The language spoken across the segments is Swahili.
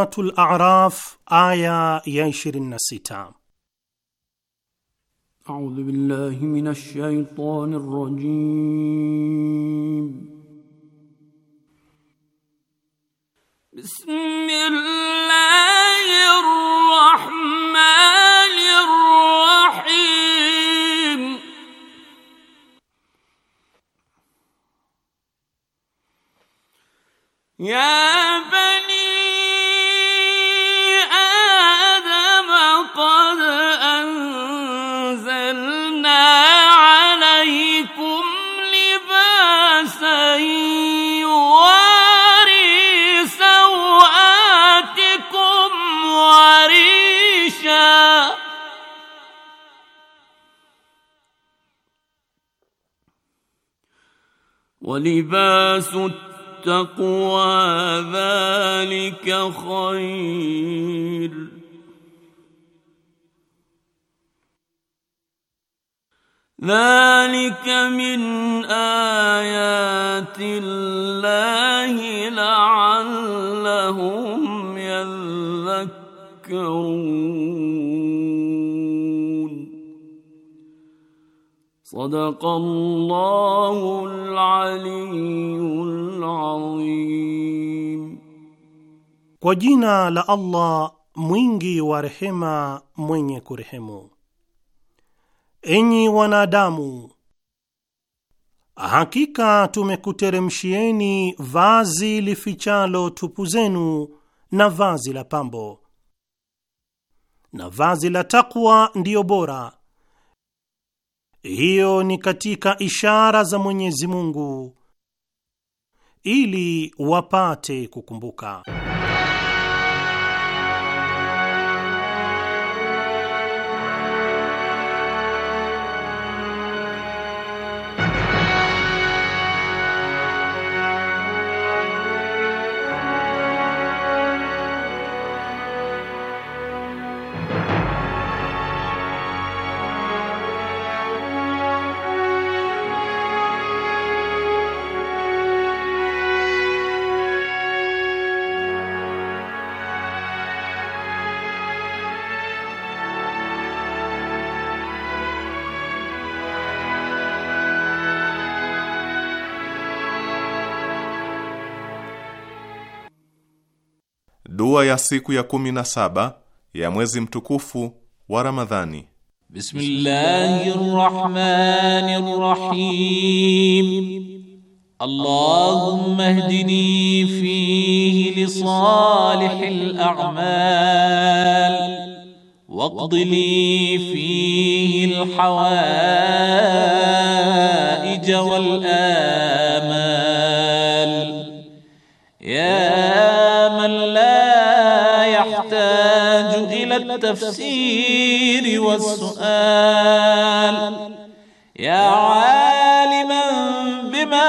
Suratul A'raf aya ya 26. A'udhu billahi minash shaitanir rajim. ولباس التقوى ذلك خير ذلك من ايات الله لعلهم يذكرون Kwa jina la Allah mwingi wa rehema mwenye kurehemu. Enyi wanadamu, hakika tumekuteremshieni vazi lifichalo tupu zenu na vazi la pambo, na vazi la takwa ndiyo bora hiyo ni katika ishara za Mwenyezi Mungu ili wapate kukumbuka. Dua ya siku ya kumi na saba ya mwezi mtukufu wa Ramadhani. Bismillahirrahmanirrahim. Allahumma ihdini fihi li salihil a'mal waqdi li fihi al hawaij wal التفسير والسؤال يا عالما بما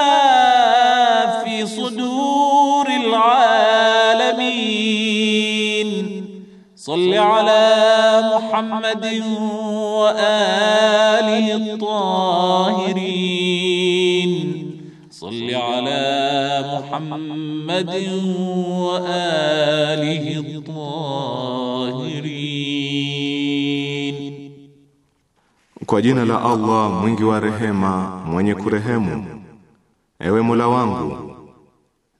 في صدور العالمين صل على محمد وآله الطاهرين صل على محمد وآله Kwa jina la Allah mwingi wa rehema, mwenye kurehemu. Ewe Mola wangu,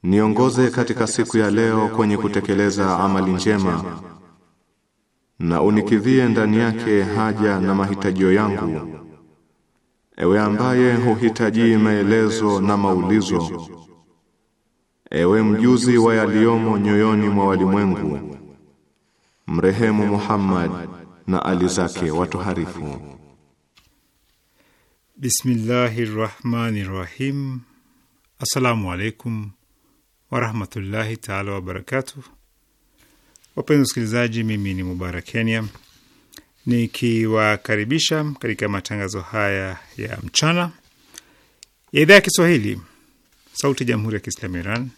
niongoze katika siku ya leo kwenye kutekeleza amali njema na unikidhie ndani yake haja na mahitajio yangu. Ewe ambaye huhitaji maelezo na maulizo, ewe mjuzi wa yaliyomo nyoyoni mwa walimwengu, mrehemu Muhammad na ali zake watoharifu. Bismillahi rahmani rahim. Assalamu alaikum warahmatullahi taala wabarakatu Wapenzi wasikilizaji, mimi ni Mubarak Kenya nikiwakaribisha katika matangazo haya ya mchana ya idhaa ya Kiswahili sauti ya jamhuri ya Kiislamu Iran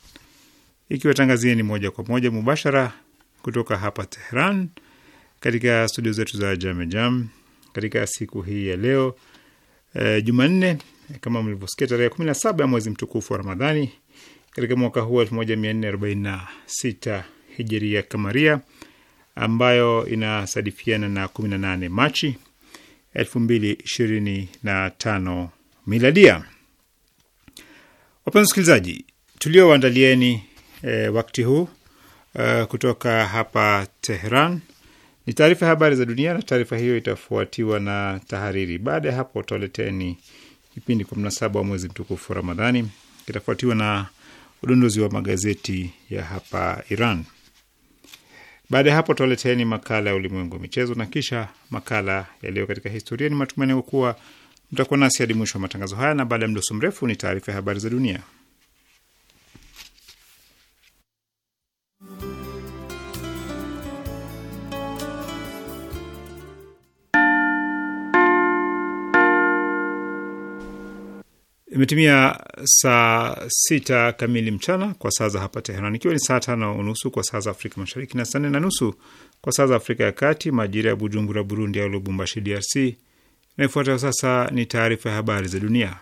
ikiwatangazia ni moja kwa moja mubashara kutoka hapa Tehran katika studio zetu za Jamejam Katika siku hii ya leo e, Jumanne kama mlivyosikia tarehe kumi na saba ya mwezi mtukufu wa Ramadhani katika mwaka huu elfu moja mia nne arobaini na sita hijiria kamaria ambayo inasadifiana na kumi na nane Machi elfu mbili ishirini na tano miladia. Wapenzi wasikilizaji, tuliowaandalieni e, eh, wakti huu e, kutoka hapa Teheran ni taarifa ya habari za dunia, na taarifa hiyo itafuatiwa na tahariri. Baada ya hapo, utaleteni kipindi kwa mnasaba wa mwezi mtukufu wa Ramadhani, kitafuatiwa na udondozi wa magazeti ya hapa Iran. Baada ya hapo, utaleteni makala ya ulimwengu wa michezo na kisha makala yaliyo katika historia. Ni matumaini kuwa mtakuwa nasi hadi mwisho wa matangazo haya, na baada ya mdoso mrefu ni taarifa ya habari za dunia. Imetimia saa sita kamili mchana kwa saa za hapa Teheran, ikiwa ni saa tano unusu kwa saa za Afrika Mashariki na saa nne na nusu kwa saa za Afrika ya Kati, majira ya Bujumbura, Burundi, au Lubumbashi, DRC. Inayofuata sasa ni taarifa ya habari za dunia.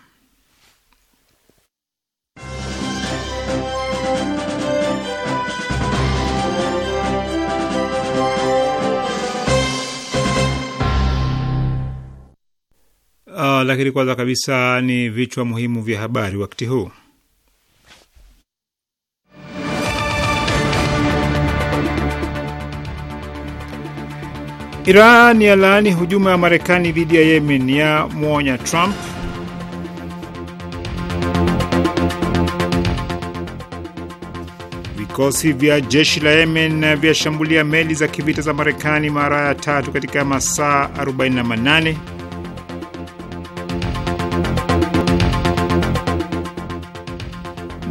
lakini kwanza kabisa ni vichwa muhimu vya habari wakati huu. Iran ya laani hujuma ya Marekani dhidi ya Yemen, ya mwonya Trump. Vikosi vya jeshi la Yemen vyashambulia meli za kivita za Marekani mara ya tatu katika masaa 48.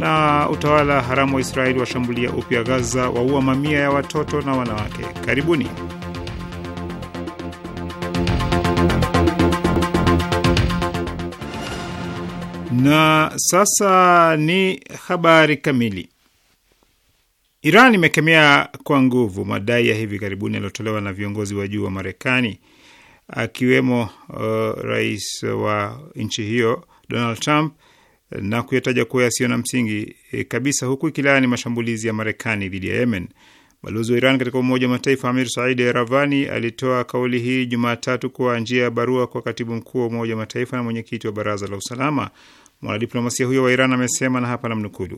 na utawala haramu wa Israeli washambulia upya Gaza, waua mamia ya watoto na wanawake. Karibuni. Na sasa ni habari kamili. Iran imekemea kwa nguvu madai ya hivi karibuni yaliyotolewa na viongozi wa juu wa Marekani akiwemo uh, rais wa nchi hiyo Donald Trump na kuyataja kuwa yasiyo na msingi e, kabisa, huku ikilaani mashambulizi ya Marekani dhidi ya Yemen. Balozi wa Iran katika Umoja wa Mataifa Amir Said Eravani alitoa kauli hii Jumatatu kwa njia ya barua kwa katibu mkuu wa Umoja wa Mataifa na mwenyekiti wa Baraza la Usalama. Mwanadiplomasia huyo wa Iran amesema, na hapa namnukulu,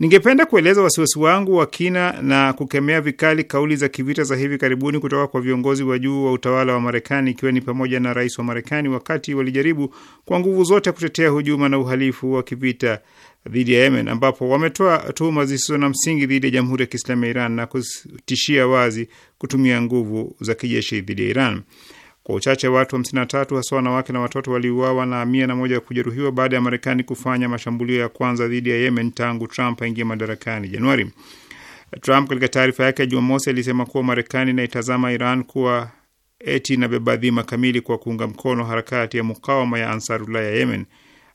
ningependa kueleza wasiwasi wangu wa kina na kukemea vikali kauli za kivita za hivi karibuni kutoka kwa viongozi wa juu wa utawala wa Marekani, ikiwa ni pamoja na rais wa Marekani, wakati walijaribu kwa nguvu zote kutetea hujuma na uhalifu wa kivita dhidi ya Yemen, ambapo wametoa tuhuma zisizo na msingi dhidi ya Jamhuri ya Kiislamu ya Iran na kutishia wazi kutumia nguvu za kijeshi dhidi ya Iran. Kwa uchache watu 53 hasa wanawake na watoto waliuawa na mia na moja kujeruhiwa baada ya Marekani kufanya mashambulio ya kwanza dhidi ya Yemen tangu Trump aingia madarakani Januari. Trump katika taarifa yake ya Jumamosi alisema kuwa Marekani inaitazama Iran kuwa eti inabeba dhima kamili kwa kuunga mkono harakati ya mukawama ya Ansarullah ya Yemen.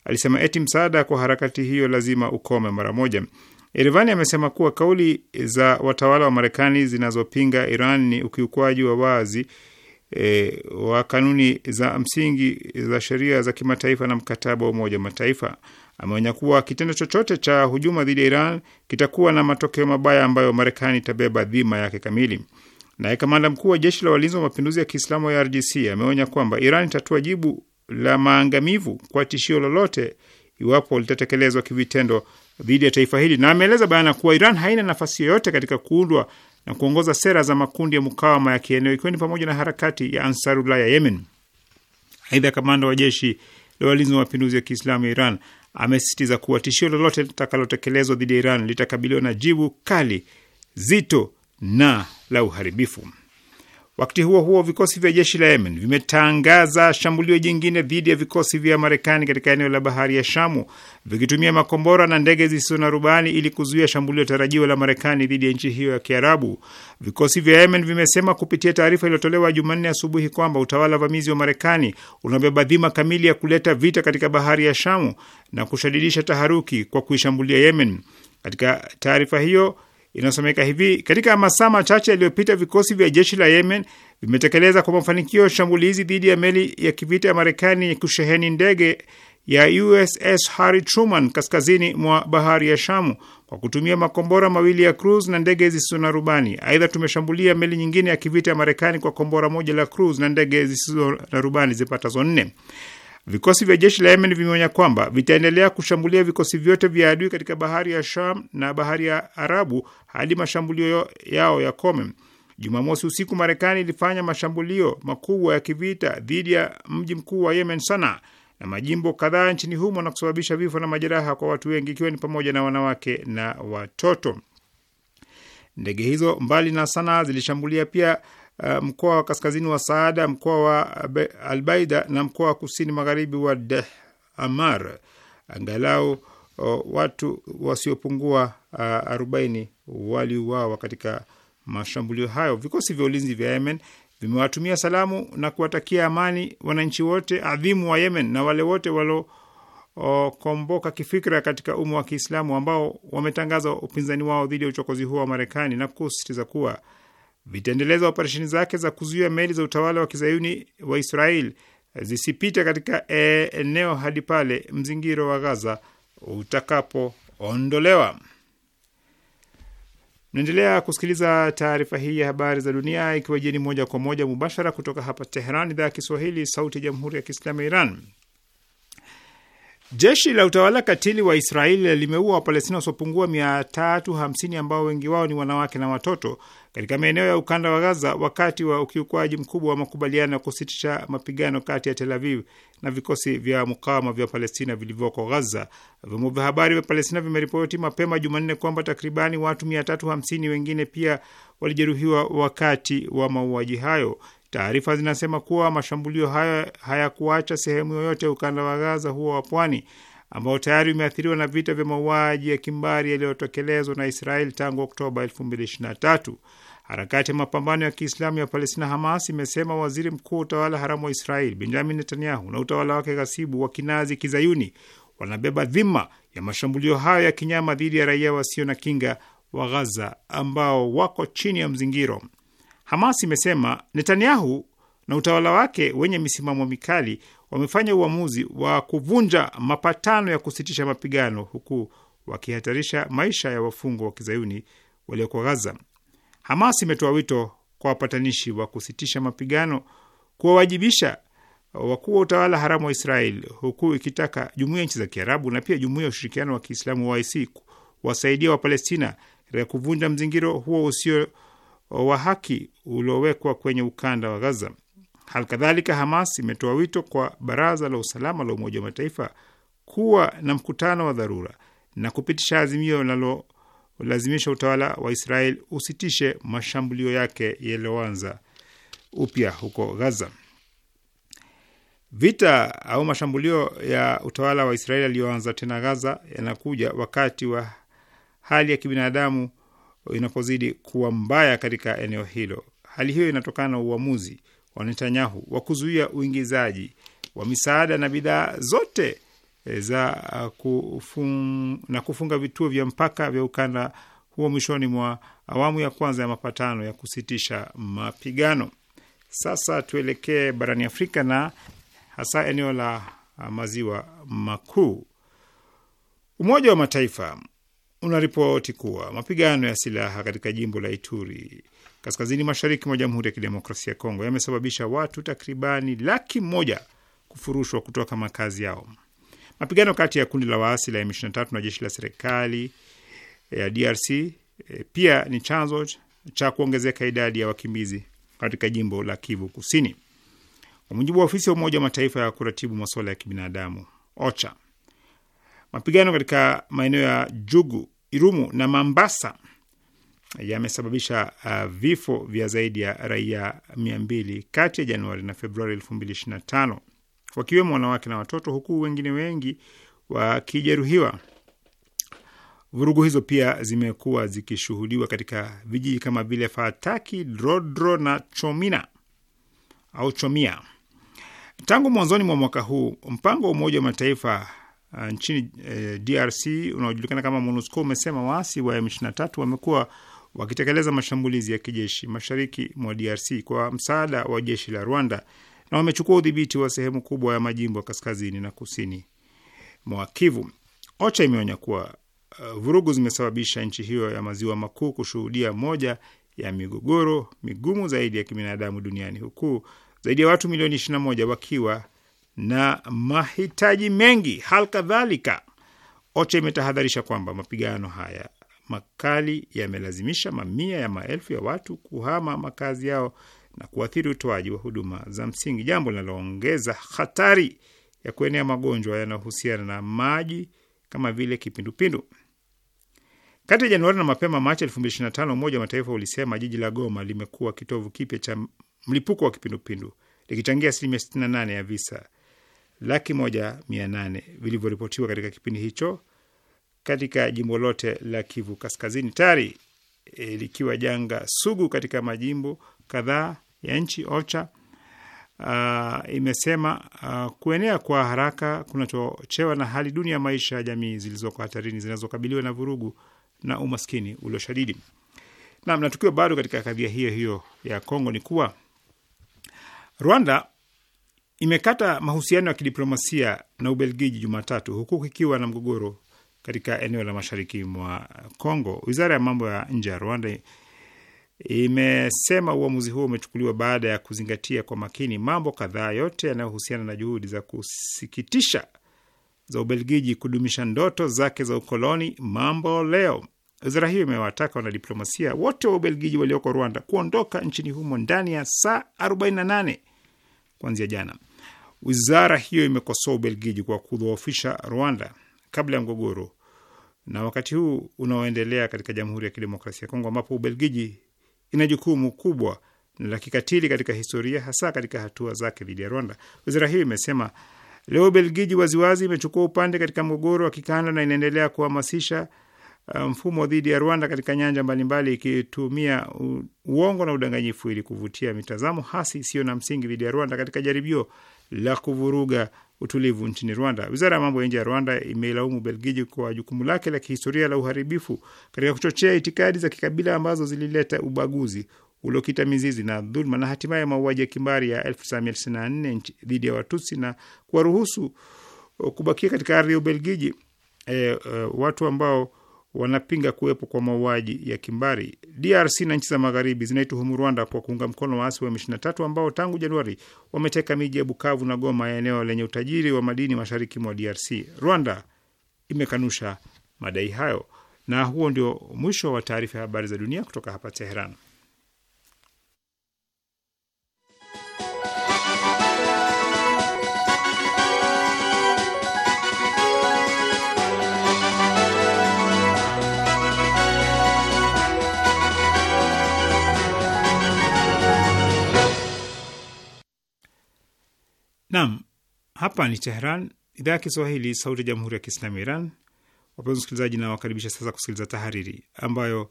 Alisema eti msaada kwa harakati hiyo lazima ukome mara moja. Erivani amesema kuwa kauli za watawala wa Marekani zinazopinga Iran ni ukiukwaji wa wazi e, wa kanuni za msingi za sheria za kimataifa na mkataba wa Umoja wa Mataifa. Ameonya kuwa kitendo chochote cha hujuma dhidi ya Iran kitakuwa na matokeo mabaya ambayo Marekani itabeba dhima yake kamili. Naye kamanda mkuu wa jeshi la walinzi wa mapinduzi ya Kiislamu ya IRGC ameonya kwamba Iran itatoa jibu la maangamivu kwa tishio lolote iwapo litatekelezwa kivitendo dhidi ya taifa hili, na ameeleza bayana kuwa Iran haina nafasi yoyote katika kuundwa na kuongoza sera za makundi ya mukawama ya kieneo ikiwa ni pamoja na harakati ya Ansarullah ya Yemen. Aidha, kamanda wa jeshi la walinzi wa mapinduzi ya Kiislamu ya Iran amesisitiza kuwa tishio lolote litakalotekelezwa dhidi ya Iran litakabiliwa na jibu kali, zito na la uharibifu. Wakati huo huo, vikosi vya jeshi la Yemen vimetangaza shambulio jingine dhidi ya vikosi vya Marekani katika eneo la bahari ya Shamu vikitumia makombora na ndege zisizo na rubani ili kuzuia shambulio tarajiwa la Marekani dhidi ya nchi hiyo ya Kiarabu. Vikosi vya Yemen vimesema kupitia taarifa iliyotolewa Jumanne asubuhi kwamba utawala vamizi wa Marekani unabeba dhima kamili ya kuleta vita katika bahari ya Shamu na kushadidisha taharuki kwa kuishambulia Yemen. Katika taarifa hiyo inasomeka hivi: katika masaa machache yaliyopita vikosi vya jeshi la Yemen vimetekeleza kwa mafanikio shambulizi dhidi ya meli ya kivita ya Marekani yenye kusheheni ndege ya USS Harry Truman kaskazini mwa bahari ya Shamu kwa kutumia makombora mawili ya cruise na ndege zisizo na rubani. Aidha, tumeshambulia meli nyingine ya kivita ya Marekani kwa kombora moja la cruise na ndege zisizo na rubani zipatazo nne. Vikosi vya jeshi la Yemen vimeonya kwamba vitaendelea kushambulia vikosi vyote vya adui katika bahari ya Sham na bahari ya Arabu hadi mashambulio yao ya kome. Jumamosi usiku, Marekani ilifanya mashambulio makubwa ya kivita dhidi ya mji mkuu wa Yemen, Sanaa, na majimbo kadhaa nchini humo na kusababisha vifo na majeraha kwa watu wengi, ikiwa ni pamoja na wanawake na watoto. Ndege hizo mbali na Sanaa zilishambulia pia Eh, mkoa wa kaskazini wa Saada, mkoa wa Albaida na mkoa wa kusini magharibi wa Amar. Angalau o, oh, watu wasiopungua eh, arobaini waliuawa katika mashambulio hayo. Vikosi vya ulinzi vya Yemen vimewatumia salamu na kuwatakia amani wananchi wote adhimu wa Yemen na wale wote waliokomboka oh, kifikra katika umma wa Kiislamu ambao wametangaza upinzani wao dhidi ya uchokozi huo wa Marekani na kusisitiza kuwa vitaendeleza operesheni zake za kuzuia meli za utawala wa kizayuni wa Israel zisipite katika e, eneo hadi pale mzingiro wa Gaza utakapoondolewa. Naendelea kusikiliza taarifa hii ya habari za dunia ikiwa jeni moja kwa moja mubashara kutoka hapa Teheran, idhaa ya Kiswahili, sauti ya jamhuri ya kiislamu ya Iran. Jeshi la utawala katili wa Israeli limeua Wapalestina wasiopungua 350 ambao wengi wao ni wanawake na watoto katika maeneo ya ukanda wa Gaza wakati wa ukiukwaji mkubwa wa makubaliano ya kusitisha mapigano kati ya Tel Aviv na vikosi vya mukawama vya Palestina vilivyoko Gaza. Vyombo vya habari vya Palestina vimeripoti mapema Jumanne kwamba takribani watu 350 wengine pia walijeruhiwa wakati wa mauaji hayo. Taarifa zinasema kuwa mashambulio hayo hayakuacha sehemu yoyote ya ukanda wa Gaza huo wa pwani ambao tayari umeathiriwa na vita vya mauaji ya kimbari yaliyotekelezwa na israeli tangu Oktoba 2023. Harakati ya mapambano ya Kiislamu ya Palestina, Hamas, imesema waziri mkuu wa utawala haramu wa Israel Benjamin Netanyahu na utawala wake ghasibu wa kinazi kizayuni wanabeba dhima ya mashambulio hayo ya kinyama dhidi ya raia wasio na kinga wa Ghaza ambao wako chini ya mzingiro. Hamas imesema Netanyahu na utawala wake wenye misimamo mikali wamefanya uamuzi wa kuvunja mapatano ya kusitisha mapigano huku wakihatarisha maisha ya wafungwa wa kizayuni waliokuwa Gaza. Hamas imetoa wito kwa wapatanishi wa kusitisha mapigano kuwawajibisha wakuu wa utawala haramu wa Israel, huku ikitaka jumuiya nchi za Kiarabu na pia jumuiya ya ushirikiano wa Kiislamu OIC kuwasaidia Wapalestina katika kuvunja mzingiro huo usio wa haki uliowekwa kwenye ukanda wa Gaza. Halikadhalika, Hamas imetoa wito kwa Baraza la Usalama la Umoja wa Mataifa kuwa na mkutano wa dharura na kupitisha azimio linalolazimisha utawala wa Israel usitishe mashambulio yake yaliyoanza upya huko Gaza. Vita au mashambulio ya utawala wa Israeli yaliyoanza tena Gaza yanakuja wakati wa hali ya kibinadamu inapozidi kuwa mbaya katika eneo hilo. Hali hiyo inatokana na uamuzi wa Netanyahu wa kuzuia uingizaji wa misaada na bidhaa zote eh, za ah, kufung, na kufunga vituo vya mpaka vya ukanda huo mwishoni mwa awamu ya kwanza ya mapatano ya kusitisha mapigano. Sasa tuelekee barani Afrika na hasa eneo la ah, maziwa makuu. Umoja wa Mataifa unaripoti kuwa mapigano ya silaha katika jimbo la Ituri kaskazini mashariki mwa Jamhuri ya Kidemokrasia ya Kongo yamesababisha watu takribani laki moja kufurushwa kutoka makazi yao. Mapigano kati ya kundi la waasi la M23 na jeshi la serikali ya DRC e, pia ni chanzo cha kuongezeka idadi ya wakimbizi katika jimbo la Kivu Kusini, kwa mujibu wa ofisi ya Umoja wa Mataifa ya kuratibu masuala ya kibinadamu OCHA. Mapigano katika maeneo ya Jugu, Irumu na Mambasa yamesababisha uh, vifo vya zaidi ya raia 200 kati ya Januari na Februari 2025 wakiwemo wanawake na watoto, huku wengine wengi wakijeruhiwa. Vurugu hizo pia zimekuwa zikishuhudiwa katika vijiji kama vile Fataki, Drodro na Chomina au Chomia. Tangu mwanzoni mwa mwaka huu, mpango wa Umoja wa Mataifa Ah, nchini eh, DRC unaojulikana kama MONUSCO umesema waasi wa M23 wamekuwa wakitekeleza mashambulizi ya kijeshi mashariki mwa DRC kwa msaada wa jeshi la Rwanda na wamechukua udhibiti wa sehemu kubwa ya majimbo kaskazini na kusini mwa Kivu. OCHA imeonya kuwa uh, vurugu zimesababisha nchi hiyo ya maziwa makuu kushuhudia moja ya migogoro migumu zaidi ya kibinadamu duniani huku zaidi ya watu milioni 21 wakiwa na mahitaji mengi. Hal kadhalika, OCHA imetahadharisha kwamba mapigano haya makali yamelazimisha mamia ya maelfu ya watu kuhama makazi yao na kuathiri utoaji wa huduma za msingi, jambo linaloongeza hatari ya kuenea magonjwa yanayohusiana na maji kama vile kipindupindu. Kati ya Januari na mapema Machi 2025 Umoja wa Mataifa ulisema jiji la Goma limekuwa kitovu kipya cha mlipuko wa kipindupindu likichangia asilimia 68 ya visa laki moja mia nane vilivyoripotiwa katika kipindi hicho katika jimbo lote la Kivu Kaskazini, tayari e, likiwa janga sugu katika majimbo kadhaa ya nchi. OCHA uh, imesema uh, kuenea kwa haraka kunachochewa na hali duni ya maisha ya jamii zilizoko hatarini zinazokabiliwa na vurugu na umaskini ulioshadidi. Nam na tukiwa bado katika kadhia hiyo hiyo ya Kongo ni kuwa Rwanda imekata mahusiano ya kidiplomasia na Ubelgiji Jumatatu, huku kikiwa na mgogoro katika eneo la mashariki mwa Kongo. Wizara ya mambo ya nje ya Rwanda imesema uamuzi huo umechukuliwa baada ya kuzingatia kwa makini mambo kadhaa, yote yanayohusiana na juhudi za kusikitisha za Ubelgiji kudumisha ndoto zake za ukoloni mambo leo. Wizara hiyo imewataka wanadiplomasia wote wa Ubelgiji walioko Rwanda kuondoka nchini humo ndani ya saa 48 kuanzia jana. Wizara hiyo imekosoa Ubelgiji kwa kudhoofisha Rwanda kabla ya mgogoro na wakati huu unaoendelea katika Jamhuri ya Kidemokrasia ya Kongo, ambapo Ubelgiji ina jukumu kubwa la kikatili katika historia, hasa katika hatua zake dhidi ya Rwanda. Wizara hiyo imesema leo Ubelgiji waziwazi imechukua upande katika mgogoro wa kikanda na inaendelea kuhamasisha uh, mfumo dhidi ya Rwanda katika nyanja mbalimbali, ikitumia uongo na udanganyifu ili kuvutia mitazamo hasi isiyo na msingi dhidi ya Rwanda katika jaribio la kuvuruga utulivu nchini Rwanda. Wizara ya mambo ya nje ya Rwanda imeilaumu Ubelgiji kwa jukumu lake la kihistoria la uharibifu katika kuchochea itikadi za kikabila ambazo zilileta ubaguzi uliokita mizizi na dhuluma na hatimaye mauaji ya kimbari ya 1994 dhidi ya Watusi na kuwaruhusu kubakia katika ardhi ya Ubelgiji e, e, watu ambao wanapinga kuwepo kwa mauaji ya kimbari. DRC na nchi za magharibi zinaituhumu Rwanda kwa kuunga mkono waasi wa M23 ambao tangu Januari wameteka miji ya Bukavu na Goma ya eneo lenye utajiri wa madini mashariki mwa DRC. Rwanda imekanusha madai hayo, na huo ndio mwisho wa taarifa ya habari za dunia kutoka hapa Teheran. Naam, hapa ni Tehran, idhaa ya Kiswahili, sauti ya jamhuri ya kiislamu Iran. Wapenzi msikilizaji nawakaribisha sasa kusikiliza tahariri ambayo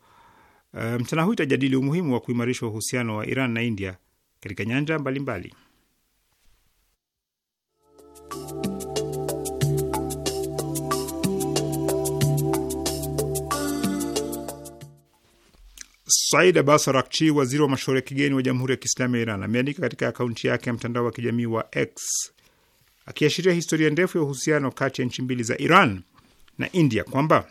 eh, mchana um, huu itajadili umuhimu wa kuimarisha uhusiano wa Iran na India katika nyanja mbalimbali mbali. Said Abbas Arakchi, waziri wa mashauri ya kigeni wa Jamhuri ya Kiislamu ya Iran, ameandika katika akaunti yake ya mtandao wa kijamii wa X akiashiria historia ndefu ya uhusiano kati ya nchi mbili za Iran na India kwamba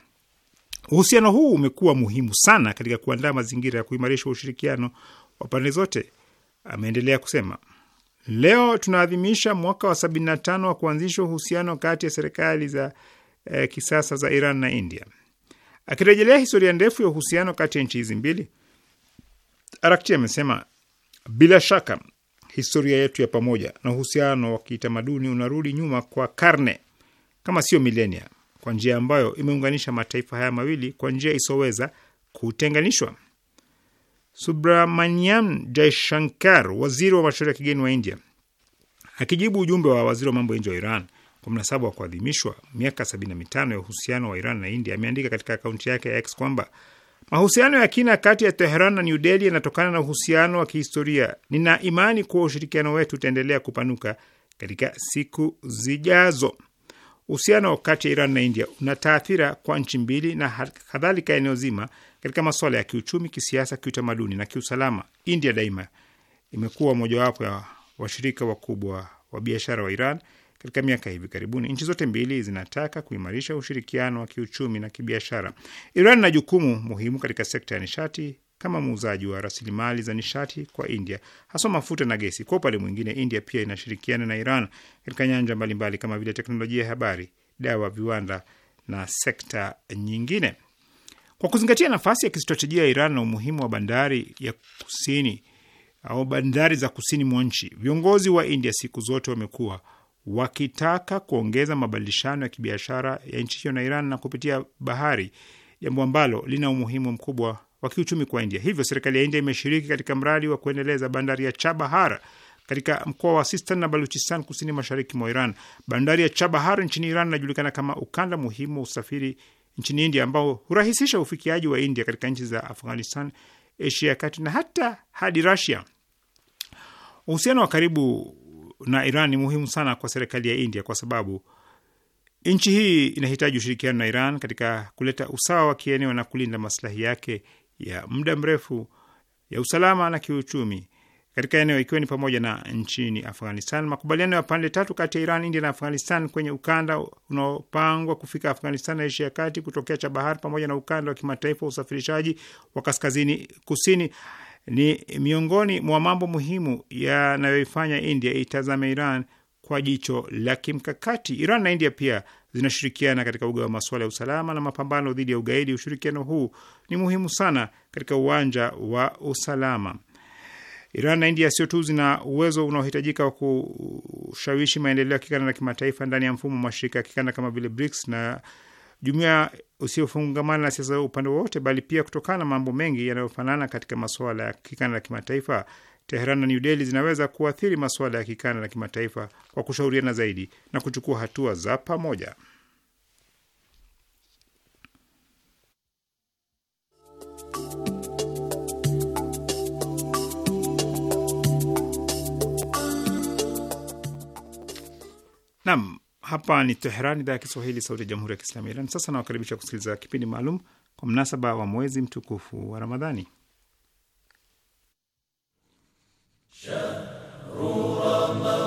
uhusiano huu umekuwa muhimu sana katika kuandaa mazingira ya kuimarisha ushirikiano wa pande zote. Ameendelea kusema, leo tunaadhimisha mwaka wa 75 wa kuanzisha uhusiano kati ya serikali za eh, kisasa za Iran na India. Akirejelea historia ndefu ya uhusiano kati ya nchi hizi mbili, Arakchi amesema bila shaka historia yetu ya pamoja na uhusiano wa kitamaduni unarudi nyuma kwa karne kama sio milenia, kwa njia ambayo imeunganisha mataifa haya mawili kwa njia isiyoweza kutenganishwa. Subramaniam Jaishankar, waziri wa mashauri ya kigeni wa India, akijibu ujumbe wa waziri wa mambo ya nje wa Iran kwa mnasaba wa kuadhimishwa miaka 75 ya uhusiano wa Iran na India ameandika katika akaunti yake ya X kwamba mahusiano ya kina kati ya Teheran na New Delhi yanatokana na uhusiano wa kihistoria. Nina imani kuwa ushirikiano wetu utaendelea kupanuka katika siku zijazo. Uhusiano kati ya Iran na India una taathira kwa nchi mbili na kadhalika eneo zima katika masuala ya kiuchumi, kisiasa, kiutamaduni na kiusalama. India daima imekuwa mojawapo ya washirika wakubwa wa biashara wa Iran katika miaka hivi karibuni. Nchi zote mbili zinataka kuimarisha ushirikiano wa kiuchumi na kibiashara. Iran ina jukumu muhimu katika sekta ya nishati kama muuzaji wa rasilimali za nishati kwa India, haswa mafuta na gesi. Kwa upande mwingine, India pia inashirikiana na Iran katika nyanja mbalimbali kama vile teknolojia ya habari, dawa, viwanda na sekta nyingine. Kwa kuzingatia nafasi ya kistratejia ya Iran na umuhimu wa bandari ya kusini au bandari za kusini mwa nchi, viongozi wa India siku zote wamekuwa wakitaka kuongeza mabadilishano ya kibiashara ya nchi hiyo na Iran na kupitia bahari, jambo ambalo lina umuhimu mkubwa wa kiuchumi kwa India. Hivyo serikali ya India imeshiriki katika mradi wa kuendeleza bandari ya Chabahar katika mkoa wa Sistan na Baluchistan kusini mashariki mwa Iran. Bandari ya Chabahar nchini Iran inajulikana kama ukanda muhimu wa usafiri nchini India ambao hurahisisha ufikiaji wa India katika nchi za Afghanistan, Asia ya kati na hata hadi Russia. Uhusiano wa karibu na Iran ni muhimu sana kwa serikali ya India kwa sababu nchi hii inahitaji ushirikiano na Iran katika kuleta usawa wa kieneo na kulinda maslahi yake ya muda mrefu ya usalama na kiuchumi katika eneo ikiwa ni pamoja na nchini Afghanistan. Makubaliano ya pande tatu kati ya Iran, India na Afghanistan kwenye ukanda unaopangwa kufika Afghanistan na Asia ya kati kutokea Chabahar, pamoja na ukanda wa kimataifa wa usafirishaji wa kaskazini kusini ni miongoni mwa mambo muhimu yanayoifanya India itazame Iran kwa jicho la kimkakati. Iran na India pia zinashirikiana katika uga wa masuala ya usalama na mapambano dhidi ya ugaidi. Ushirikiano huu ni muhimu sana katika uwanja wa usalama. Iran na India sio tu zina uwezo unaohitajika wa kushawishi maendeleo ya kikanda na kimataifa ndani ya mfumo wa mashirika ya kikanda kama vile BRICS na jumuiya usiofungamana na siasa upande wowote, bali pia kutokana na mambo mengi yanayofanana katika masuala ya kikanda na kimataifa. Teheran na New Delhi zinaweza kuathiri masuala ya kikanda na kimataifa kwa kushauriana zaidi na kuchukua hatua za pamoja. Nam hapa ni Teheran, idhaa ya Kiswahili, sauti ya jamhuri ya kiislamu ya Iran. Sasa nawakaribisha kusikiliza kipindi maalum kwa mnasaba wa mwezi mtukufu wa Ramadhani. Shahru Ramadhani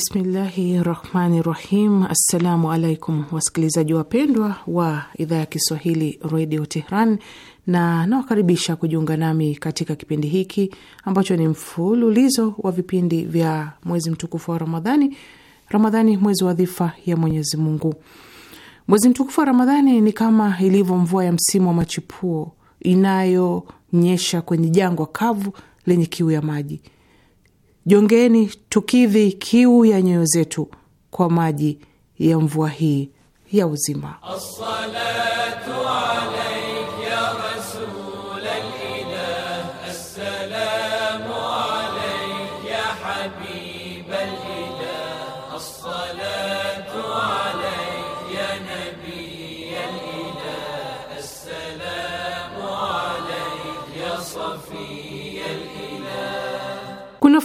Bismillahi rahmani rahim. Assalamu alaikum wasikilizaji wapendwa wa idhaa ya Kiswahili redio Tehran, na nawakaribisha kujiunga nami katika kipindi hiki ambacho ni mfululizo wa vipindi vya mwezi mtukufu wa Ramadhani. Ramadhani, mwezi wa dhifa ya Mwenyezi Mungu. Mwezi mtukufu wa Ramadhani ni kama ilivyo mvua ya msimu wa machipuo inayonyesha kwenye jangwa kavu lenye kiu ya maji. Jongeni tukidhi kiu ya nyoyo zetu kwa maji ya mvua hii ya uzima as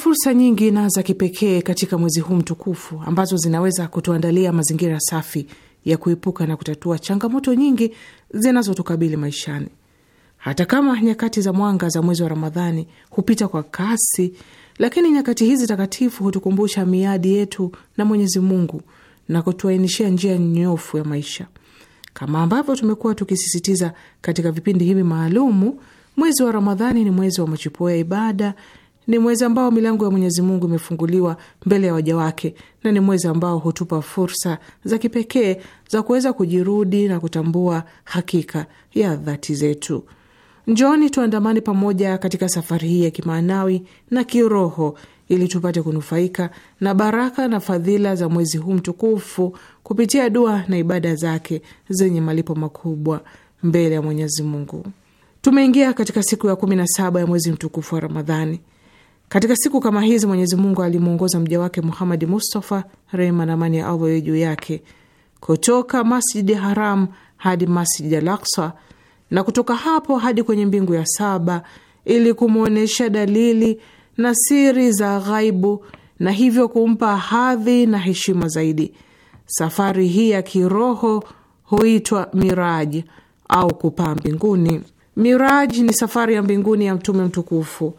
fursa nyingi na za kipekee katika mwezi huu mtukufu ambazo zinaweza kutuandalia mazingira safi ya kuepuka na kutatua changamoto nyingi zinazotukabili maishani. Hata kama nyakati za mwanga za mwezi wa Ramadhani hupita kwa kasi, lakini nyakati hizi takatifu hutukumbusha miadi yetu na Mwenyezi Mungu na kutuainishia njia nyofu ya maisha. Kama ambavyo tumekuwa tukisisitiza katika vipindi hivi maalumu, mwezi wa Ramadhani ni mwezi wa machipuo ya ibada ni mwezi ambao milango ya Mwenyezi Mungu imefunguliwa mbele ya waja wake, na ni mwezi ambao hutupa fursa za kipekee za kuweza kujirudi na kutambua hakika ya dhati zetu. Njooni tuandamane pamoja katika safari hii ya kimaanawi na kiroho, ili tupate kunufaika na baraka na fadhila za mwezi huu mtukufu kupitia dua na ibada zake zenye malipo makubwa mbele ya Mwenyezi Mungu. Tumeingia katika siku ya kumi na saba ya mwezi mtukufu wa Ramadhani. Katika siku kama hizi Mwenyezi Mungu alimwongoza mja wake Muhamadi Mustafa, rehma na amani ya Allah juu yake, kutoka Masjidi Haram hadi Masjidi Al Aksa, na kutoka hapo hadi kwenye mbingu ya saba, ili kumwonyesha dalili na siri za ghaibu na hivyo kumpa hadhi na heshima zaidi. Safari hii ya kiroho huitwa miraji au kupaa mbinguni. Miraji ni safari ya mbinguni ya Mtume mtukufu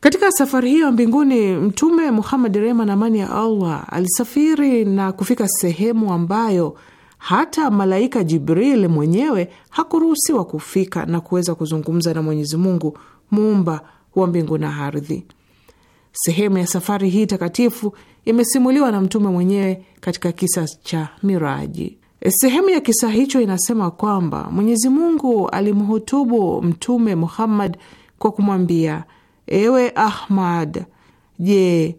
katika safari hiyo mbinguni, Mtume Muhammad, rehma na amani ya Allah, alisafiri na kufika sehemu ambayo hata malaika Jibril mwenyewe hakuruhusiwa kufika na kuweza kuzungumza na Mwenyezi Mungu muumba wa mbingu na ardhi. Sehemu ya safari hii takatifu imesimuliwa na mtume mwenyewe katika kisa cha Miraji. Sehemu ya kisa hicho inasema kwamba Mwenyezi Mungu alimhutubu Mtume Muhammad kwa kumwambia Ewe Ahmad, je,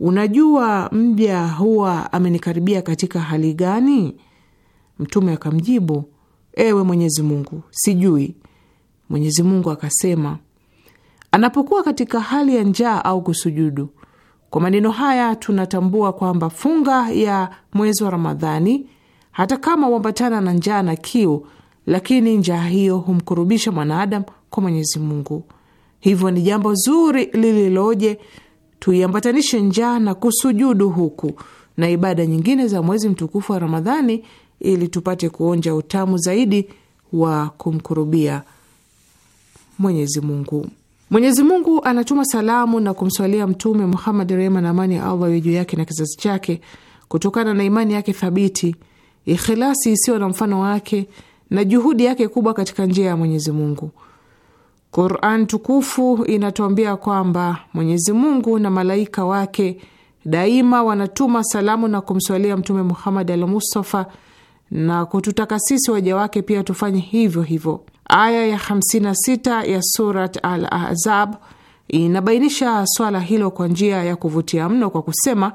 unajua mja huwa amenikaribia katika hali gani? Mtume akamjibu, ewe Mwenyezi Mungu, sijui. Mwenyezi Mungu akasema, anapokuwa katika hali ya njaa au kusujudu. Kwa maneno haya tunatambua kwamba funga ya mwezi wa Ramadhani, hata kama huambatana na njaa na kiu, lakini njaa hiyo humkurubisha mwanaadamu kwa Mwenyezi Mungu. Hivyo ni jambo zuri lililoje tuiambatanishe njaa na kusujudu huku na ibada nyingine za mwezi mtukufu wa Ramadhani ili tupate kuonja utamu zaidi wa kumkurubia Mwenyezi Mungu. Mwenyezi Mungu anatuma salamu na kumswalia Mtume Muhammad, rehma na amani ya Allah juu yake na kizazi chake, kutokana na imani yake thabiti, ikhilasi isiyo na mfano wake na juhudi yake kubwa katika njia ya Mwenyezi Mungu. Quran tukufu inatuambia kwamba Mwenyezi Mungu na malaika wake daima wanatuma salamu na kumswalia Mtume Muhammad al Mustafa na kututaka sisi waja wake pia tufanye hivyo hivyo. Aya ya 56 ya Surat al azab inabainisha swala hilo kwa njia ya kuvutia mno kwa kusema,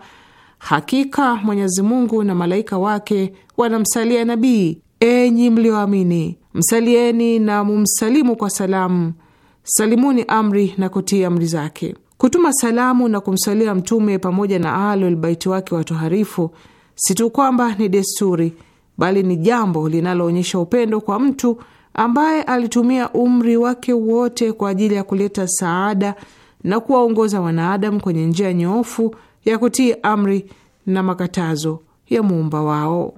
hakika Mwenyezi Mungu na malaika wake wanamsalia nabii, enyi mlioamini, msalieni na mumsalimu kwa salamu salimuni amri na kutii amri zake, kutuma salamu na kumsalia Mtume pamoja na Ahlul Baiti wake watoharifu, si tu kwamba ni desturi, bali ni jambo linaloonyesha upendo kwa mtu ambaye alitumia umri wake wote kwa ajili ya kuleta saada na kuwaongoza wanaadamu kwenye njia nyoofu ya kutii amri na makatazo ya muumba wao.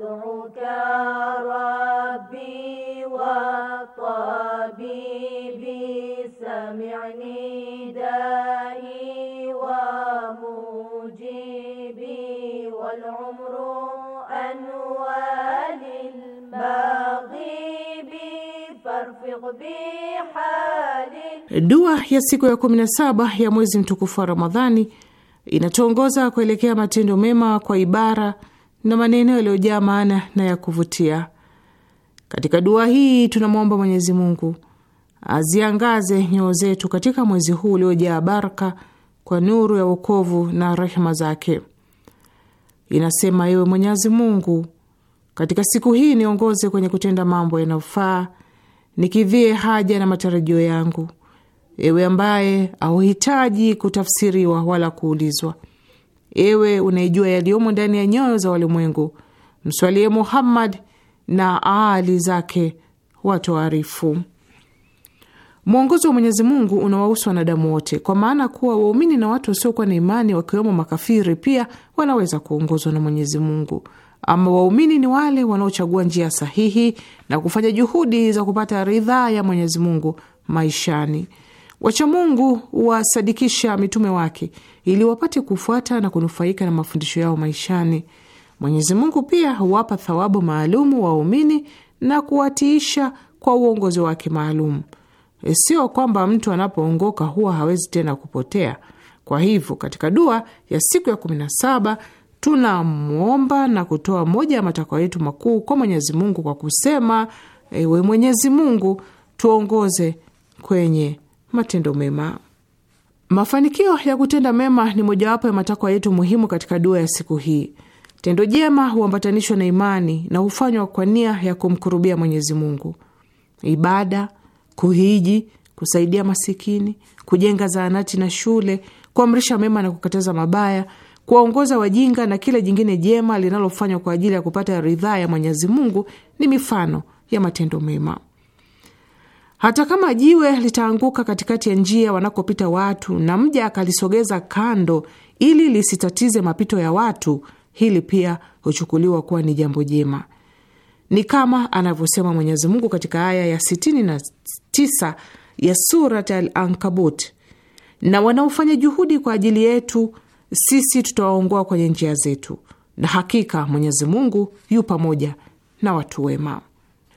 Dua ya siku ya 17 ya mwezi mtukufu wa Ramadhani inatuongoza kuelekea matendo mema kwa ibara na maneno yaliyojaa maana na ya kuvutia. Katika dua hii tunamwomba Mwenyezi Mungu aziangaze nyoo zetu katika mwezi huu uliojaa baraka kwa nuru ya wokovu na rehema zake. Inasema, ewe Mwenyezi Mungu, katika siku hii niongoze kwenye kutenda mambo yanayofaa, nikidhie haja na matarajio yangu, ewe ambaye auhitaji kutafsiriwa wala kuulizwa, ewe unaijua yaliyomo ndani ya nyoyo za walimwengu, mswalie Muhammad na aali zake watoarifu. Mwongozo wa Mwenyezi Mungu unawahusu wanadamu wote, kwa maana kuwa waumini na watu wasiokuwa na imani, wakiwemo makafiri, pia wanaweza kuongozwa na Mwenyezi Mungu. Ama waumini ni wale wanaochagua njia sahihi na kufanya juhudi za kupata ridhaa ya Mwenyezi Mungu maishani. Wachamungu wasadikisha mitume wake ili wapate kufuata na kunufaika na mafundisho yao maishani. Mwenyezi Mungu pia huwapa thawabu maalumu waumini na kuwatiisha kwa uongozi wake maalumu. E, sio kwamba mtu anapoongoka huwa hawezi tena kupotea. Kwa hivyo katika dua ya siku ya kumi na saba tunamwomba na kutoa moja ya matakwa yetu makuu kwa Mwenyezi Mungu kwa kusema: ewe Mwenyezi Mungu, tuongoze kwenye matendo mema. Mafanikio ya kutenda mema ni mojawapo ya matakwa yetu muhimu katika dua ya siku hii. Tendo jema huambatanishwa na imani na hufanywa kwa nia ya kumkurubia Mwenyezi Mungu. Ibada, kuhiji, kusaidia masikini, kujenga zahanati na shule, kuamrisha mema na kukataza mabaya, kuwaongoza wajinga na kila jingine jema linalofanywa kwa ajili ya kupata ridhaa ya Mwenyezi Mungu ni mifano ya matendo mema. Hata kama jiwe litaanguka katikati ya njia wanakopita watu na mja akalisogeza kando ili lisitatize mapito ya watu, hili pia huchukuliwa kuwa ni jambo jema. Ni kama anavyosema Mwenyezi Mungu katika aya ya 69 ya Surat Al Ankabut, na wanaofanya juhudi kwa ajili yetu sisi tutawaongoa kwenye njia zetu, na hakika Mwenyezi Mungu yu pamoja na watu wema.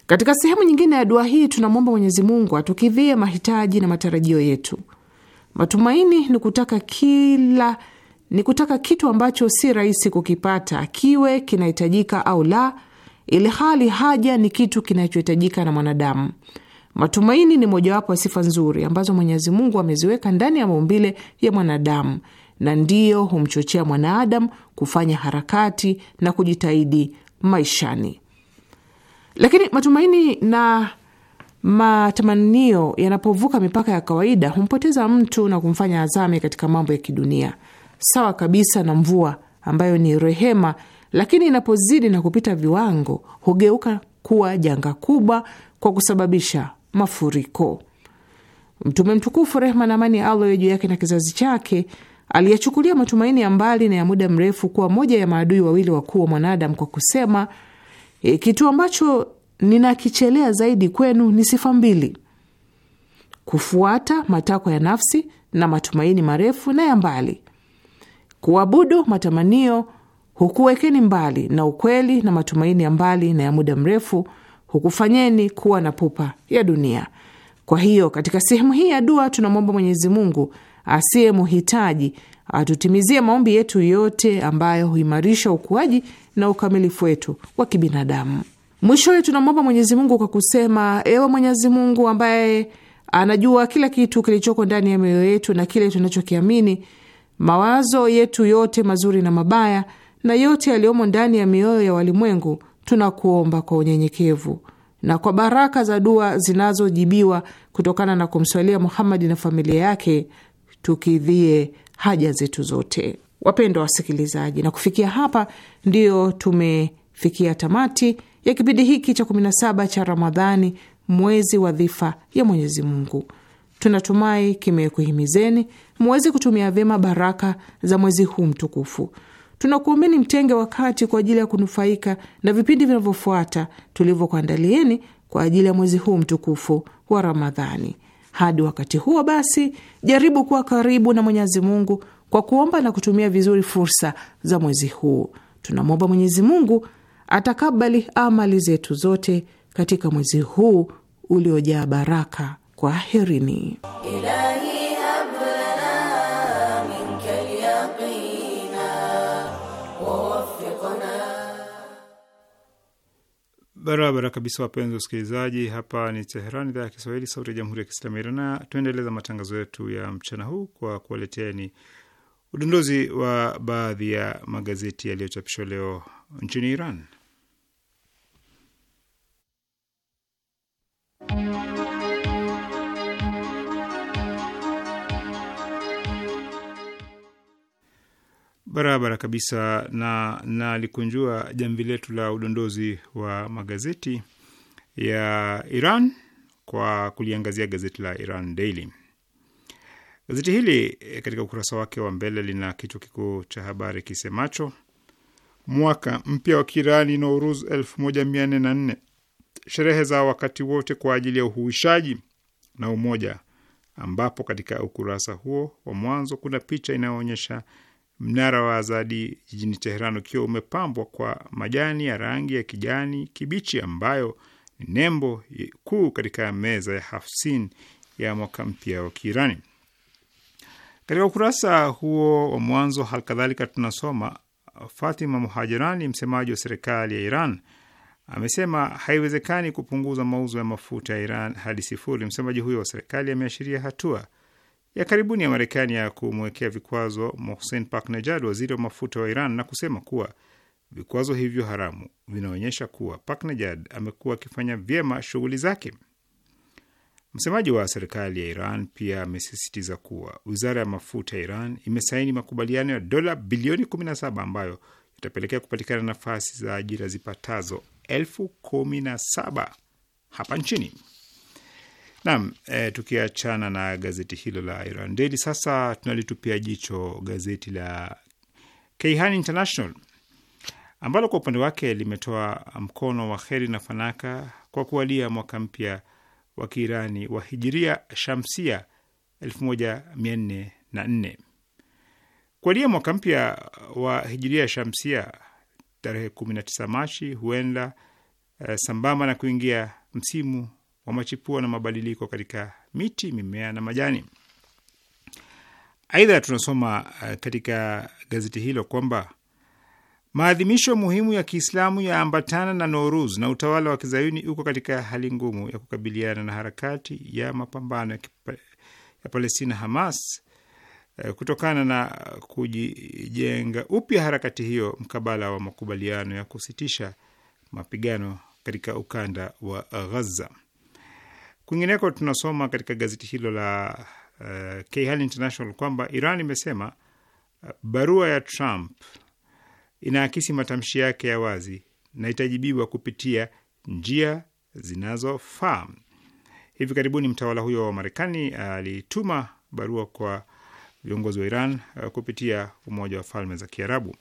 Katika sehemu nyingine ya dua hii tunamwomba Mwenyezi Mungu atukidhie mahitaji na matarajio yetu. Matumaini ni kutaka kila ni kutaka kitu ambacho si rahisi kukipata, kiwe kinahitajika au la ili hali haja ni kitu kinachohitajika na mwanadamu. Matumaini ni mojawapo ya sifa nzuri ambazo Mwenyezi Mungu ameziweka ndani ya maumbile ya mwanadamu, na ndiyo humchochea mwanadamu kufanya harakati na kujitahidi maishani. Lakini matumaini na matamanio yanapovuka mipaka ya kawaida humpoteza mtu na kumfanya azame katika mambo ya kidunia, sawa kabisa na mvua ambayo ni rehema lakini inapozidi na kupita viwango hugeuka kuwa janga kubwa kwa kusababisha mafuriko. Mtume mtukufu, rehma na amani ya Allah juu yake na kizazi chake, aliyachukulia matumaini ya mbali na ya muda mrefu kuwa moja ya maadui wawili wakuu wa mwanadamu kwa kusema e, kitu ambacho ninakichelea zaidi kwenu ni sifa mbili: kufuata matakwa ya nafsi na matumaini marefu na ya mbali, kuabudu matamanio hukuwekeni mbali na ukweli na matumaini ya mbali na ya muda mrefu, hukufanyeni kuwa na pupa ya dunia. Kwa hiyo katika sehemu hii ya dua tunamwomba Mwenyezi Mungu asiye muhitaji atutimizie maombi yetu yote ambayo huimarisha ukuaji na ukamilifu wetu wa kibinadamu. Mwishowe tunamwomba Mwenyezi Mungu kwa kusema: ewe Mwenyezi Mungu ambaye anajua kila kitu kilichoko ndani ya mioyo yetu na kile tunachokiamini, mawazo yetu yote mazuri na mabaya na yote yaliyomo ndani ya mioyo ya walimwengu, tunakuomba kwa unyenyekevu na kwa baraka za dua zinazojibiwa kutokana na kumswalia Muhamadi na familia yake, tukidhie haja zetu zote. Wapendwa wasikilizaji, na kufikia hapa ndiyo tumefikia tamati ya kipindi hiki cha 17 cha Ramadhani, mwezi wa dhifa ya Mwenyezi Mungu. Tunatumai kimekuhimizeni muweze kutumia vyema baraka za mwezi huu mtukufu. Tunakuombeni mtenge wakati kwa ajili ya kunufaika na vipindi vinavyofuata tulivyokuandalieni kwa ajili ya mwezi huu mtukufu wa Ramadhani. Hadi wakati huo basi, jaribu kuwa karibu na Mwenyezi Mungu kwa kuomba na kutumia vizuri fursa za mwezi huu. Tunamwomba Mwenyezi Mungu atakabali amali zetu zote katika mwezi huu uliojaa baraka. Kwaherini Ilahi. Barabara kabisa, wapenzi wasikilizaji, hapa ni Teheran, idhaa ya Kiswahili, sauti ya jamhuri ya kiislamu ya Iran, na tuendeleza matangazo yetu ya mchana huu kwa kuwaleteni udondozi wa baadhi ya magazeti yaliyochapishwa leo nchini Iran. Barabara kabisa, na nalikunjua jamvi letu la udondozi wa magazeti ya Iran kwa kuliangazia gazeti la Iran Daily. Gazeti hili eh, katika ukurasa wake wa mbele lina kichwa kikuu cha habari kisemacho mwaka mpya wa Kiirani Nouruz 1404 sherehe za wakati wote kwa ajili ya uhuishaji na umoja, ambapo katika ukurasa huo wa mwanzo kuna picha inayoonyesha mnara wa Azadi jijini Teheran ukiwa umepambwa kwa majani ya rangi ya kijani kibichi ambayo ni nembo kuu katika meza ya Hafsin ya mwaka mpya wa Kiirani. Katika ukurasa huo wa mwanzo halikadhalika, tunasoma Fatima Muhajirani, msemaji wa serikali ya Iran, amesema haiwezekani kupunguza mauzo ya mafuta ya Iran hadi sifuri. Msemaji huyo wa serikali ameashiria hatua ya karibuni ya Marekani ya kumwekea vikwazo Mohsen Paknejad, waziri wa mafuta wa Iran, na kusema kuwa vikwazo hivyo haramu vinaonyesha kuwa Paknejad amekuwa akifanya vyema shughuli zake. Msemaji wa serikali ya Iran pia amesisitiza kuwa wizara ya mafuta ya Iran imesaini makubaliano ya dola bilioni 17 ambayo yatapelekea kupatikana nafasi za ajira zipatazo elfu kumi na saba hapa nchini. Naam, e, tukiachana na gazeti hilo la Iran Daily, sasa tunalitupia jicho gazeti la Keihan International ambalo kwa upande wake limetoa mkono wa heri na fanaka kwa kualia mwaka mpya wa Kiirani wa hijiria shamsia 1404 kualia mwaka mpya wa hijiria shamsia tarehe 19 Machi huenda uh, sambamba na kuingia msimu wa machipua na mabadiliko katika miti, mimea na majani. Aidha, tunasoma eh, katika gazeti hilo kwamba maadhimisho muhimu ya Kiislamu yaambatana na Noruz na utawala wa kizayuni uko katika hali ngumu ya kukabiliana na harakati ya mapambano ya Palestina, Hamas, eh, kutokana na kujijenga upya harakati hiyo mkabala wa makubaliano ya kusitisha mapigano katika ukanda wa Ghaza. Kwingineko tunasoma katika gazeti hilo la uh, eh, Kayhan International kwamba Iran imesema uh, barua ya Trump inaakisi matamshi yake ya wazi na itajibiwa kupitia njia zinazofaa. Hivi karibuni mtawala huyo wa Marekani eh, alituma uh, barua kwa viongozi wa Iran uh, kupitia Umoja wa Falme za Kiarabu.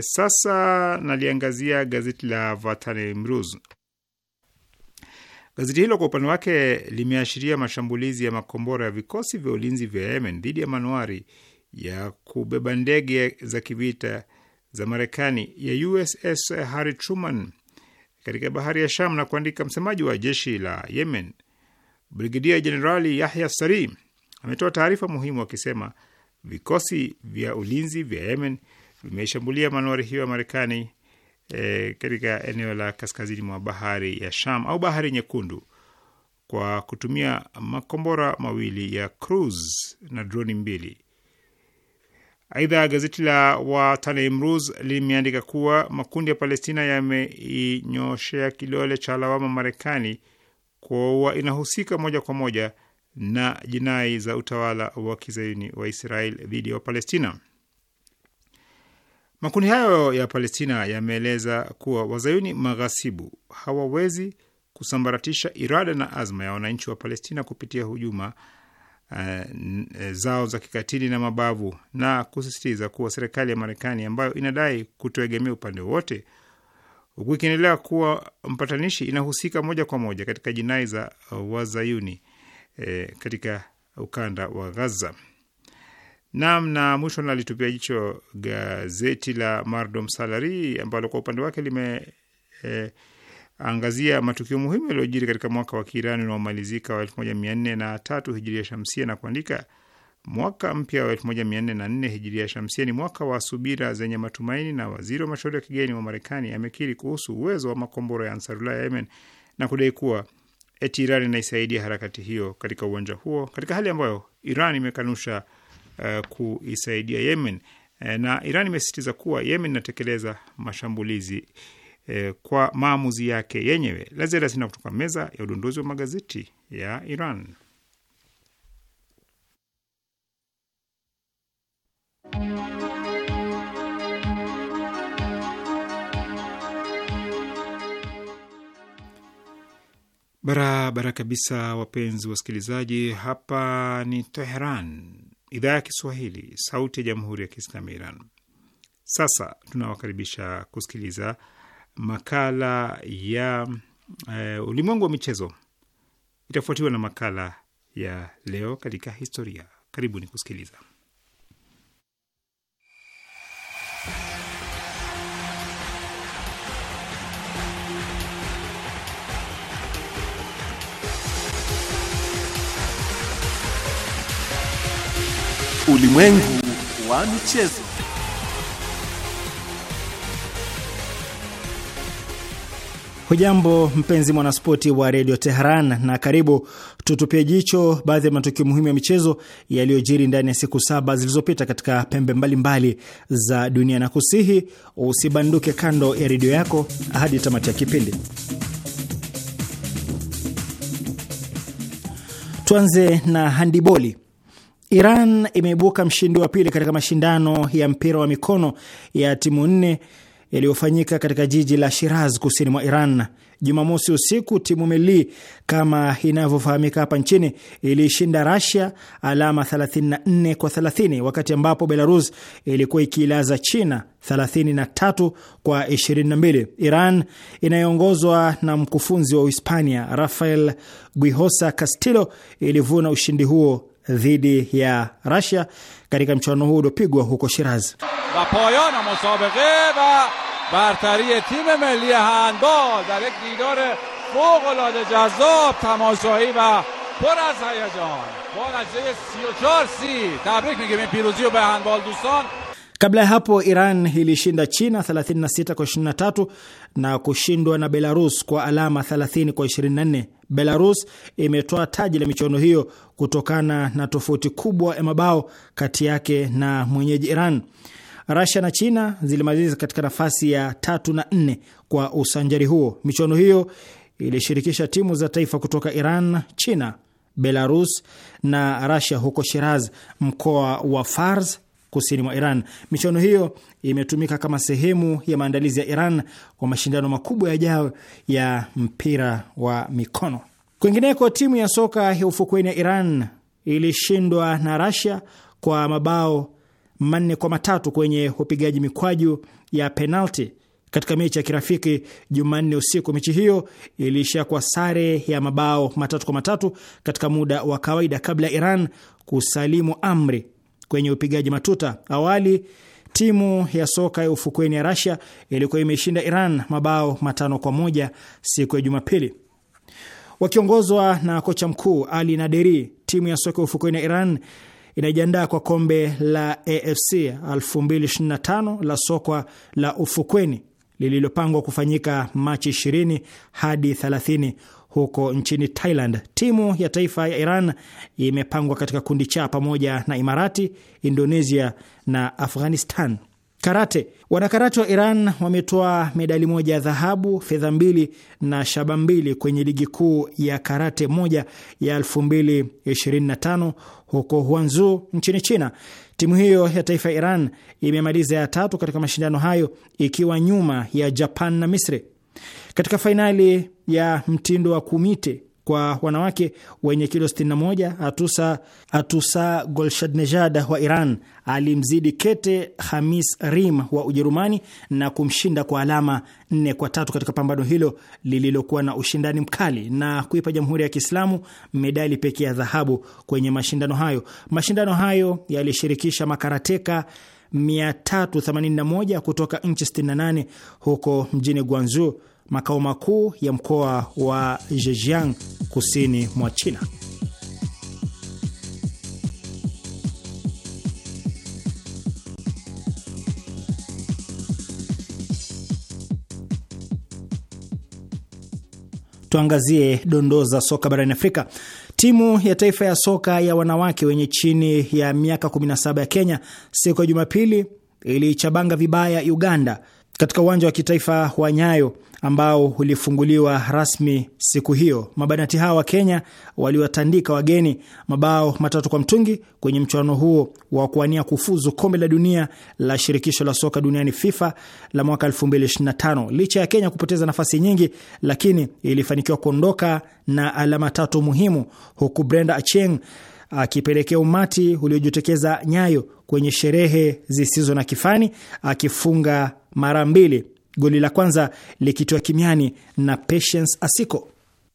Sasa naliangazia gazeti la Vatan Gazeti hilo kwa upande wake limeashiria mashambulizi ya makombora ya vikosi vya ulinzi vya Yemen dhidi ya manuari ya kubeba ndege za kivita za Marekani ya USS Harry Truman katika bahari ya Sham na kuandika, msemaji wa jeshi la Yemen Brigedia Jenerali Yahya Sari ametoa taarifa muhimu akisema vikosi vya ulinzi vya Yemen vimeshambulia manuari hiyo ya Marekani e, katika eneo la kaskazini mwa bahari ya Sham au bahari nyekundu kwa kutumia makombora mawili ya cruise na droni mbili. Aidha, gazeti la Watane Imruz limeandika kuwa makundi ya Palestina yameinyoshea kidole cha lawama Marekani kuwa inahusika moja kwa moja na jinai za utawala wa kizayuni wa Israel dhidi ya Wapalestina. Makundi hayo ya Palestina yameeleza kuwa wazayuni maghasibu hawawezi kusambaratisha irada na azma ya wananchi wa Palestina kupitia hujuma uh, zao za kikatili na mabavu, na kusisitiza kuwa serikali ya Marekani ambayo inadai kutoegemea upande wowote, huku ikiendelea kuwa mpatanishi, inahusika moja kwa moja katika jinai za eh, wazayuni eh, katika ukanda wa Gaza. Nam na mwisho nalitupia jicho gazeti la Mardom Salari ambalo kwa upande wake limeangazia eh, angazia matukio muhimu yaliyojiri katika mwaka wa Kiirani unaomalizika wa elfu moja mia nne na tatu hijiria shamsia na kuandika mwaka mpya wa elfu moja mia nne na nne hijiria shamsia ni mwaka wa subira zenye matumaini, na waziri wa mashauri ya kigeni wa Marekani amekiri kuhusu uwezo wa makombora ya Ansarullah ya Yemen na kudai kuwa eti Iran inaisaidia harakati hiyo katika uwanja huo, katika hali ambayo Iran imekanusha uh, kuisaidia Yemen eh, na Iran imesisitiza kuwa Yemen inatekeleza mashambulizi uh, kwa maamuzi yake yenyewe. Lazima sina kutoka meza ya udondozi wa magazeti ya Iran. Barabara kabisa, wapenzi wasikilizaji, hapa ni Teheran idhaa ya Kiswahili, sauti ya jamhuri ya kiislamu ya Iran. Sasa tunawakaribisha kusikiliza makala ya uh, ulimwengu wa michezo, itafuatiwa na makala ya leo katika historia. Karibuni kusikiliza. ulimwengu wa michezo. Hujambo mpenzi mwanaspoti wa redio Teheran na karibu tutupie jicho baadhi ya matukio muhimu ya michezo yaliyojiri ndani ya siku saba zilizopita katika pembe mbalimbali mbali za dunia, na kusihi usibanduke kando ya redio yako hadi tamati ya kipindi. Tuanze na handiboli. Iran imeibuka mshindi wa pili katika mashindano ya mpira wa mikono ya timu nne yaliyofanyika katika jiji la Shiraz kusini mwa Iran. Jumamosi usiku timu Meli kama inavyofahamika hapa nchini iliishinda Rasia alama 34 kwa 30, wakati ambapo Belarus ilikuwa ikiilaza China 33 kwa 22. Iran inayoongozwa na mkufunzi wa Uhispania Rafael Guihosa Castillo ilivuna ushindi huo dhidi ya Rasia katika mchuano huu uliopigwa huko Shiraz. va poyana musabaqe va bartari tim milli handbal dar ek didar fogholade jazab tamashayi va Kabla ya hapo Iran ilishinda China 36 kwa 23 na kushindwa na Belarus kwa alama 30 kwa Belarus imetoa taji la michuano hiyo kutokana na tofauti kubwa ya mabao kati yake na mwenyeji Iran. Rasia na China zilimaliza katika nafasi ya tatu na nne kwa usanjari huo. Michuano hiyo ilishirikisha timu za taifa kutoka Iran, China, Belarus na Rasia huko Shiraz, mkoa wa Fars kusini mwa Iran. Michuano hiyo imetumika kama sehemu ya maandalizi ya Iran kwa mashindano makubwa yajayo ya mpira wa mikono. Kwingineko, timu ya soka ya ufukweni ya Iran ilishindwa na Rasia kwa mabao manne kwa matatu kwenye upigaji mikwaju ya penalti katika mechi ya kirafiki Jumanne usiku. Mechi hiyo iliishia kwa sare ya mabao matatu kwa matatu katika muda wa kawaida kabla ya Iran kusalimu amri kwenye upigaji matuta. Awali timu ya soka ya ufukweni ya Rasia ilikuwa imeshinda Iran mabao matano kwa moja siku ya Jumapili. Wakiongozwa na kocha mkuu Ali Naderi, timu ya soka ya ufukweni ya Iran inajiandaa kwa kombe la AFC 2025 la soka la ufukweni lililopangwa kufanyika Machi 20 hadi 30 huko nchini Thailand. Timu ya taifa ya Iran imepangwa katika kundi cha pamoja na Imarati, Indonesia na Afghanistan. Karate. Wanakarate wa Iran wametoa medali moja ya dhahabu, fedha mbili na shaba mbili kwenye ligi kuu ya karate moja ya 2025 huko Huanzu nchini China. Timu hiyo ya taifa ya Iran imemaliza ya tatu katika mashindano hayo ikiwa nyuma ya Japan na Misri. Katika fainali ya mtindo wa kumite kwa wanawake wenye kilo 61 Atusa, Atusa Golshadnejad wa Iran alimzidi kete Hamis Rim wa Ujerumani na kumshinda kwa alama 4 kwa tatu katika pambano hilo lililokuwa na ushindani mkali na kuipa Jamhuri ya Kiislamu medali pekee ya dhahabu kwenye mashindano hayo. Mashindano hayo yalishirikisha makarateka 381 kutoka nchi 68 huko mjini Guangzhou makao makuu ya mkoa wa Zhejiang kusini mwa China. Tuangazie dondoo za soka barani Afrika. Timu ya taifa ya soka ya wanawake wenye chini ya miaka 17 ya Kenya siku ya Jumapili iliichabanga vibaya Uganda katika uwanja wa kitaifa wa Nyayo ambao ulifunguliwa rasmi siku hiyo. Mabanati hawa wa Kenya waliwatandika wageni mabao matatu kwa mtungi kwenye mchuano huo wa kuwania kufuzu kombe la dunia la shirikisho la soka duniani FIFA la mwaka 2025. Licha ya Kenya kupoteza nafasi nyingi, lakini ilifanikiwa kuondoka na alama tatu muhimu, huku Brenda Acheng akipelekea umati uliojitokeza Nyayo kwenye sherehe zisizo na kifani akifunga mara mbili, goli la kwanza likitoa kimiani na Patience Asiko.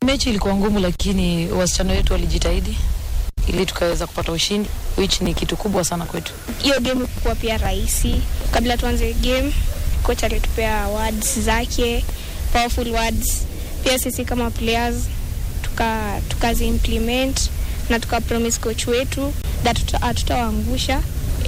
Mechi ilikuwa ngumu, lakini wasichana wetu walijitahidi ili tukaweza kupata ushindi which ni kitu kubwa sana kwetu. Hiyo game kukuwa pia rahisi. Kabla tuanze game, kocha alitupea words zake, powerful words. Pia sisi kama players tuka tukazi implement na tuka promise coach wetu that hatutawaangusha.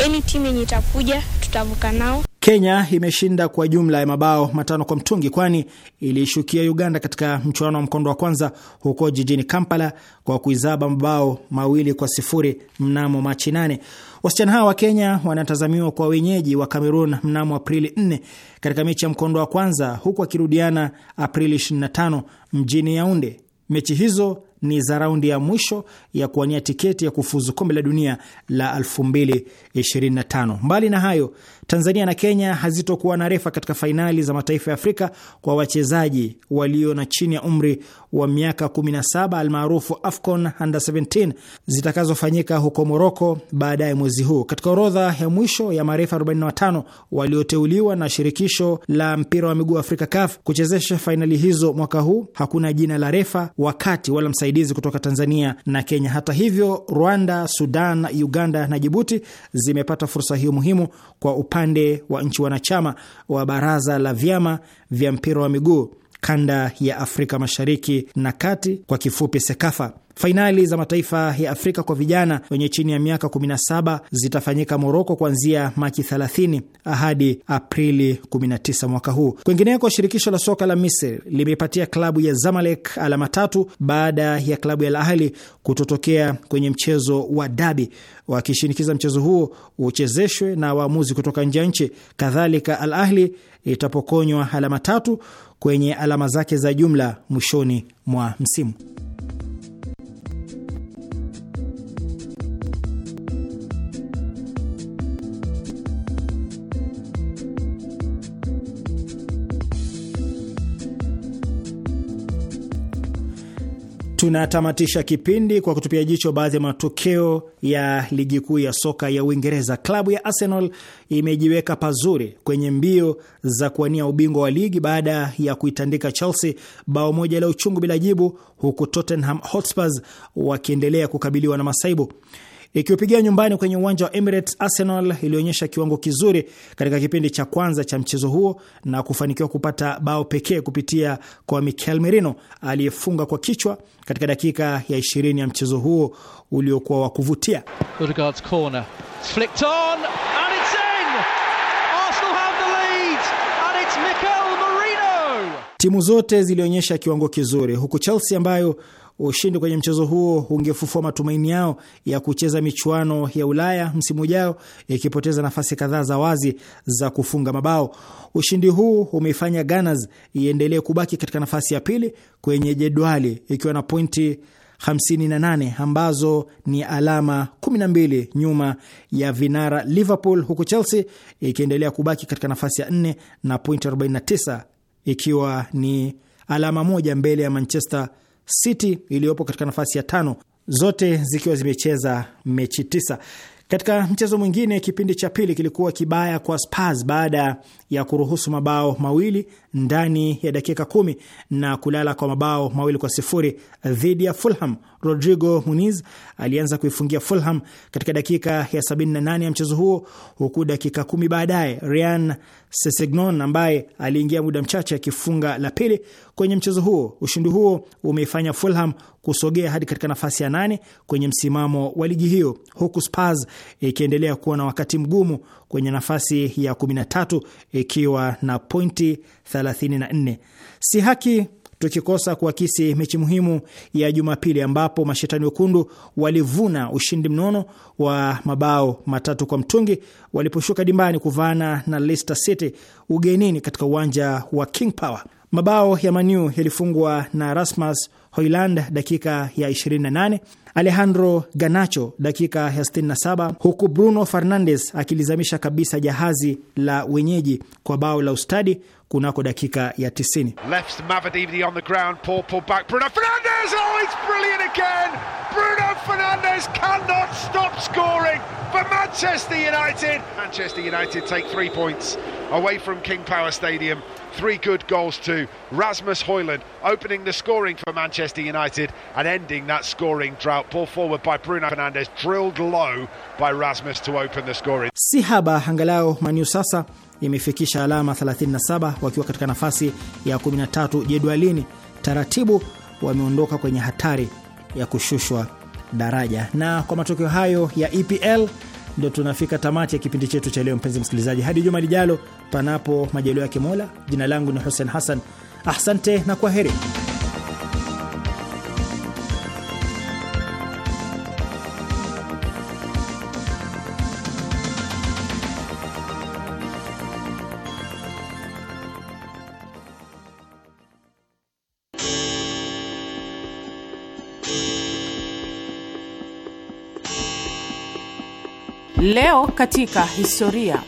Any team yenye itakuja tutavuka nao. Kenya imeshinda kwa jumla ya mabao matano kwa mtungi, kwani iliishukia Uganda katika mchuano wa mkondo wa kwanza huko jijini Kampala kwa kuizaba mabao mawili kwa sifuri mnamo Machi 8. Wasichana hawa wa Kenya wanatazamiwa kwa wenyeji wa cameron mnamo Aprili 4 katika mechi ya mkondo wa kwanza, huku wakirudiana Aprili 25 mjini Yaunde. Mechi hizo ni za raundi ya mwisho ya kuwania tiketi ya kufuzu kombe la dunia la 2025. Mbali na hayo, Tanzania na Kenya hazitokuwa na refa katika fainali za mataifa ya Afrika kwa wachezaji walio na chini ya umri wa miaka 17 almaarufu AFCON under 17 zitakazofanyika huko Moroko baadaye mwezi huu. Katika orodha ya mwisho ya marefa 45 walioteuliwa na shirikisho la mpira wa miguu Afrika CAF kuchezesha fainali hizo mwaka huu hakuna jina la refa, wakati wala msaidizi kutoka Tanzania na Kenya. Hata hivyo, Rwanda, Sudan, Uganda na Jibuti zimepata fursa hiyo muhimu kwa upande upande wa nchi wanachama wa baraza la vyama vya mpira wa miguu kanda ya Afrika Mashariki na Kati, kwa kifupi SEKAFA. Fainali za mataifa ya Afrika kwa vijana wenye chini ya miaka 17 zitafanyika Moroko kuanzia Machi 30 hadi Aprili 19 mwaka huu. Kwingineko, shirikisho la soka la Misri limepatia klabu ya Zamalek alama tatu baada ya klabu ya Al Ahli kutotokea kwenye mchezo wa dabi, wakishinikiza mchezo huo uchezeshwe na waamuzi kutoka nje ya nchi. Kadhalika, Al Ahli itapokonywa alama tatu kwenye alama zake za jumla mwishoni mwa msimu. Tunatamatisha kipindi kwa kutupia jicho baadhi ya matokeo ya ligi kuu ya soka ya Uingereza. Klabu ya Arsenal imejiweka pazuri kwenye mbio za kuwania ubingwa wa ligi baada ya kuitandika Chelsea bao moja la uchungu bila jibu, huku Tottenham Hotspurs wakiendelea kukabiliwa na masaibu. Ikiupigia nyumbani kwenye uwanja wa Emirates, Arsenal ilionyesha kiwango kizuri katika kipindi cha kwanza cha mchezo huo na kufanikiwa kupata bao pekee kupitia kwa Mikel Merino aliyefunga kwa kichwa katika dakika ya 20 ya mchezo huo uliokuwa wa kuvutia. Timu zote zilionyesha kiwango kizuri huku Chelsea ambayo Ushindi kwenye mchezo huo ungefufua matumaini yao ya kucheza michuano ya Ulaya msimu ujao, ikipoteza nafasi kadhaa za wazi za kufunga mabao. Ushindi huu umeifanya Gunners iendelee kubaki katika nafasi ya pili kwenye jedwali ikiwa na pointi 58 ambazo ni alama 12 nyuma ya vinara Liverpool, huku Chelsea ikiendelea kubaki katika nafasi ya 4 na pointi 49 ikiwa ni alama moja mbele ya Manchester City iliyopo katika nafasi ya tano, zote zikiwa zimecheza mechi tisa. Katika mchezo mwingine, kipindi cha pili kilikuwa kibaya kwa Spurs baada ya kuruhusu mabao mawili ndani ya dakika kumi na kulala kwa mabao mawili kwa sifuri dhidi ya Fulham. Rodrigo Muniz alianza kuifungia Fulham katika dakika ya 78 ya mchezo huo, huku dakika kumi baadaye Ryan Sessegnon ambaye aliingia muda mchache akifunga la pili kwenye mchezo huo. Ushindi huo umeifanya Fulham kusogea hadi katika nafasi ya nane kwenye msimamo wa ligi hiyo, huku Spurs ikiendelea kuwa na wakati mgumu kwenye nafasi ya 13 ikiwa na pointi 34. Si haki tukikosa kuakisi mechi muhimu ya Jumapili ambapo mashetani wekundu walivuna ushindi mnono wa mabao matatu kwa mtungi waliposhuka dimbani kuvaana na Leicester City ugenini katika uwanja wa King Power. Mabao ya Maniu yalifungwa na Rasmus Hoyland dakika ya 28, Alejandro Ganacho dakika ya 67, huku Bruno Fernandes akilizamisha kabisa jahazi la wenyeji kwa bao la ustadi kunako dakika ya 90. Bruno Mendes cannot stop scoring for Manchester United. Manchester United take three points away from King Power Stadium. Three good goals to Rasmus Hoyland, opening the scoring for Manchester United and ending that scoring drought. Ball forward by Bruno Fernandes, drilled low by Rasmus to open the scoring. Si haba angalau Manu sasa imefikisha alama 37 wakiwa katika nafasi ya 13 jedwalini. Taratibu wameondoka kwenye hatari ya kushushwa daraja. Na kwa matokeo hayo ya EPL ndio tunafika tamati ya kipindi chetu cha leo, mpenzi msikilizaji, hadi juma lijalo, panapo majaliwa yake Mola. Jina langu ni Hussein Hassan, asante na kwa heri. Leo katika historia.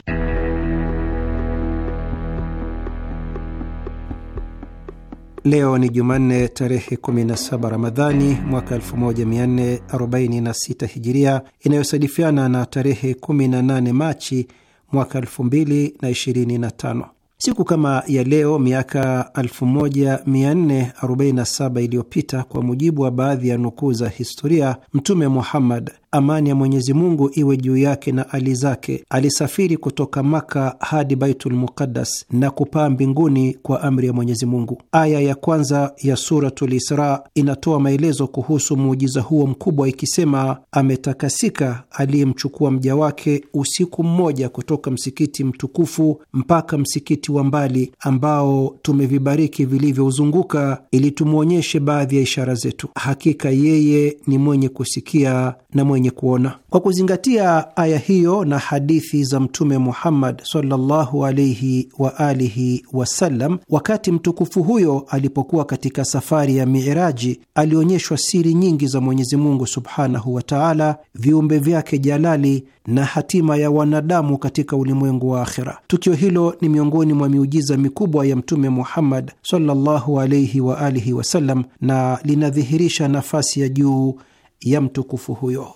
Leo ni Jumanne tarehe 17 Ramadhani mwaka 1446 Hijiria, inayosadifiana na tarehe 18 Machi mwaka 2025. Siku kama ya leo miaka 1447 iliyopita, kwa mujibu wa baadhi ya nukuu za historia, Mtume Muhammad amani ya Mwenyezi Mungu iwe juu yake na ali zake, alisafiri kutoka Maka hadi Baitul Muqaddas na kupaa mbinguni kwa amri ya Mwenyezi Mungu. Aya ya kwanza ya Suratul Isra inatoa maelezo kuhusu muujiza huo mkubwa ikisema, ametakasika aliyemchukua mja wake usiku mmoja kutoka msikiti mtukufu mpaka msikiti wa mbali ambao tumevibariki vilivyouzunguka ili tumwonyeshe baadhi ya ishara zetu. Hakika yeye ni mwenye kusikia na mwenye wenye kuona. Kwa kuzingatia aya hiyo na hadithi za Mtume Muhammad sallallahu alaihi wa alihi wasallam, wakati mtukufu huyo alipokuwa katika safari ya miiraji alionyeshwa siri nyingi za Mwenyezi Mungu subhanahu wa taala, viumbe vyake jalali na hatima ya wanadamu katika ulimwengu wa akhira. Tukio hilo ni miongoni mwa miujiza mikubwa ya Mtume Muhammad sallallahu alaihi wa alihi wasallam na linadhihirisha nafasi ya juu ya mtukufu huyo.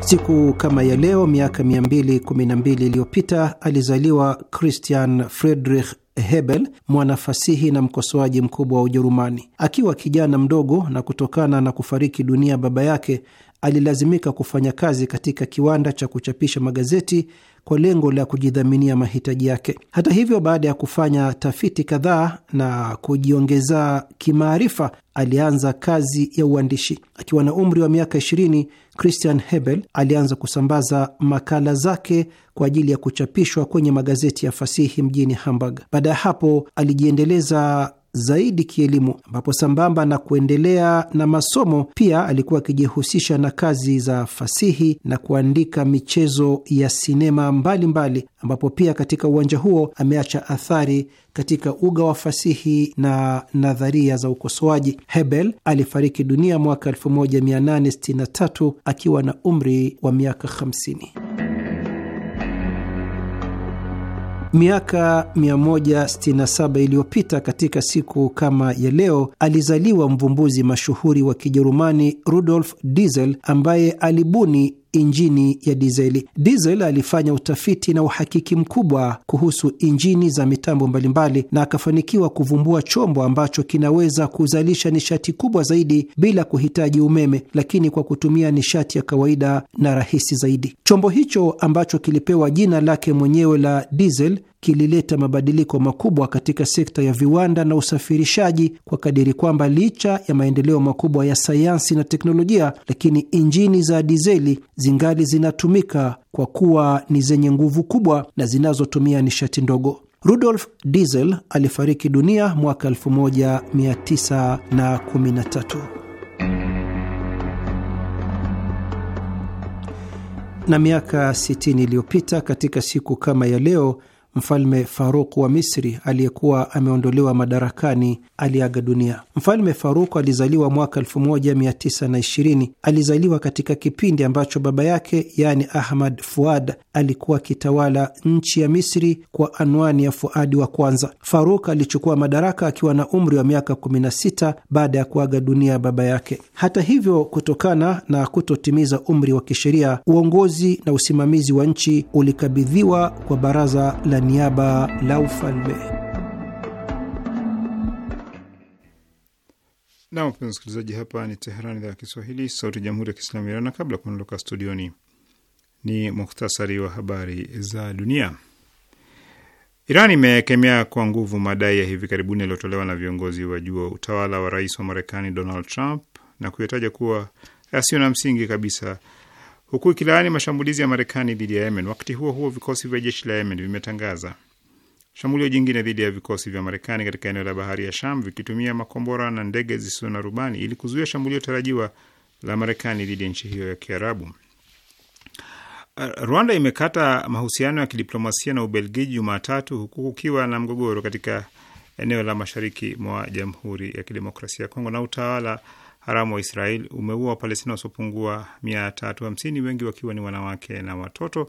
Siku kama ya leo miaka 212 iliyopita alizaliwa Christian Friedrich Hebel, mwanafasihi na mkosoaji mkubwa wa Ujerumani. Akiwa kijana mdogo na kutokana na kufariki dunia baba yake, alilazimika kufanya kazi katika kiwanda cha kuchapisha magazeti kwa lengo la kujidhaminia mahitaji yake. Hata hivyo, baada ya kufanya tafiti kadhaa na kujiongeza kimaarifa, alianza kazi ya uandishi. Akiwa na umri wa miaka 20, Christian Hebel alianza kusambaza makala zake kwa ajili ya kuchapishwa kwenye magazeti ya fasihi mjini Hamburg. Baada ya hapo alijiendeleza zaidi kielimu, ambapo sambamba na kuendelea na masomo pia alikuwa akijihusisha na kazi za fasihi na kuandika michezo ya sinema mbalimbali, ambapo pia katika uwanja huo ameacha athari katika uga wa fasihi na nadharia za ukosoaji. Hebel alifariki dunia mwaka 1863 akiwa na umri wa miaka 50. Miaka 167 iliyopita katika siku kama ya leo alizaliwa mvumbuzi mashuhuri wa Kijerumani Rudolf Diesel ambaye alibuni injini ya dizeli. Diesel alifanya utafiti na uhakiki mkubwa kuhusu injini za mitambo mbalimbali na akafanikiwa kuvumbua chombo ambacho kinaweza kuzalisha nishati kubwa zaidi bila kuhitaji umeme, lakini kwa kutumia nishati ya kawaida na rahisi zaidi. Chombo hicho ambacho kilipewa jina lake mwenyewe la diesel kilileta mabadiliko makubwa katika sekta ya viwanda na usafirishaji kwa kadiri kwamba licha ya maendeleo makubwa ya sayansi na teknolojia, lakini injini za dizeli zingali zinatumika kwa kuwa ni zenye nguvu kubwa na zinazotumia nishati ndogo. Rudolf Diesel alifariki dunia mwaka 1913. na miaka 60 iliyopita katika siku kama ya leo Mfalme Faruk wa Misri aliyekuwa ameondolewa madarakani aliaga dunia. Mfalme Faruk alizaliwa mwaka 1920. Alizaliwa katika kipindi ambacho baba yake yaani Ahmad Fuad alikuwa akitawala nchi ya Misri kwa anwani ya Fuadi wa kwanza. Faruk alichukua madaraka akiwa na umri wa miaka 16 baada ya kuaga dunia baba yake. Hata hivyo, kutokana na kutotimiza umri wa kisheria, uongozi na usimamizi wa nchi ulikabidhiwa kwa baraza la niaba la ufalme. Na mpenzi msikilizaji, hapa ni Teherani, idhaa ya Kiswahili, sauti ya jamhuri ya kiislamu ya Iran. Na kabla ya kuondoka studioni, ni muhtasari wa habari za dunia. Iran imekemea kwa nguvu madai ya hivi karibuni yaliyotolewa na viongozi wa juu wa utawala wa rais wa Marekani Donald Trump na kuyataja kuwa yasiyo na msingi kabisa huku ikilaani mashambulizi ya Marekani dhidi ya Yemen. Wakati huo huo, vikosi vya jeshi la Yemen vimetangaza shambulio jingine dhidi ya vikosi vya Marekani katika eneo la bahari ya Sham vikitumia makombora na ndege zisizo na rubani ili kuzuia shambulio tarajiwa la Marekani dhidi ya nchi hiyo ya Kiarabu. Rwanda imekata mahusiano ya kidiplomasia na Ubelgiji Jumatatu, huku kukiwa na mgogoro katika eneo la mashariki mwa Jamhuri ya Kidemokrasia ya Kongo na utawala haramu wa Israel umeua Wapalestina wasiopungua 350 wengi wakiwa ni wanawake na watoto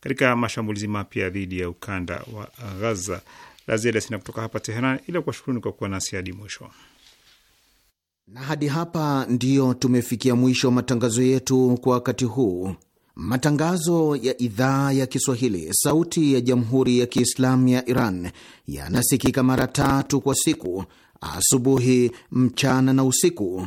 katika mashambulizi mapya dhidi ya ukanda wa ghaza La ziada sina kutoka hapa Teheran, ila kuwashukuruni kwa kuwa nasi hadi mwisho. Na hadi hapa ndiyo tumefikia mwisho wa matangazo yetu kwa wakati huu. Matangazo ya idhaa ya Kiswahili, sauti ya jamhuri ya kiislamu ya Iran yanasikika mara tatu kwa siku: asubuhi, mchana na usiku.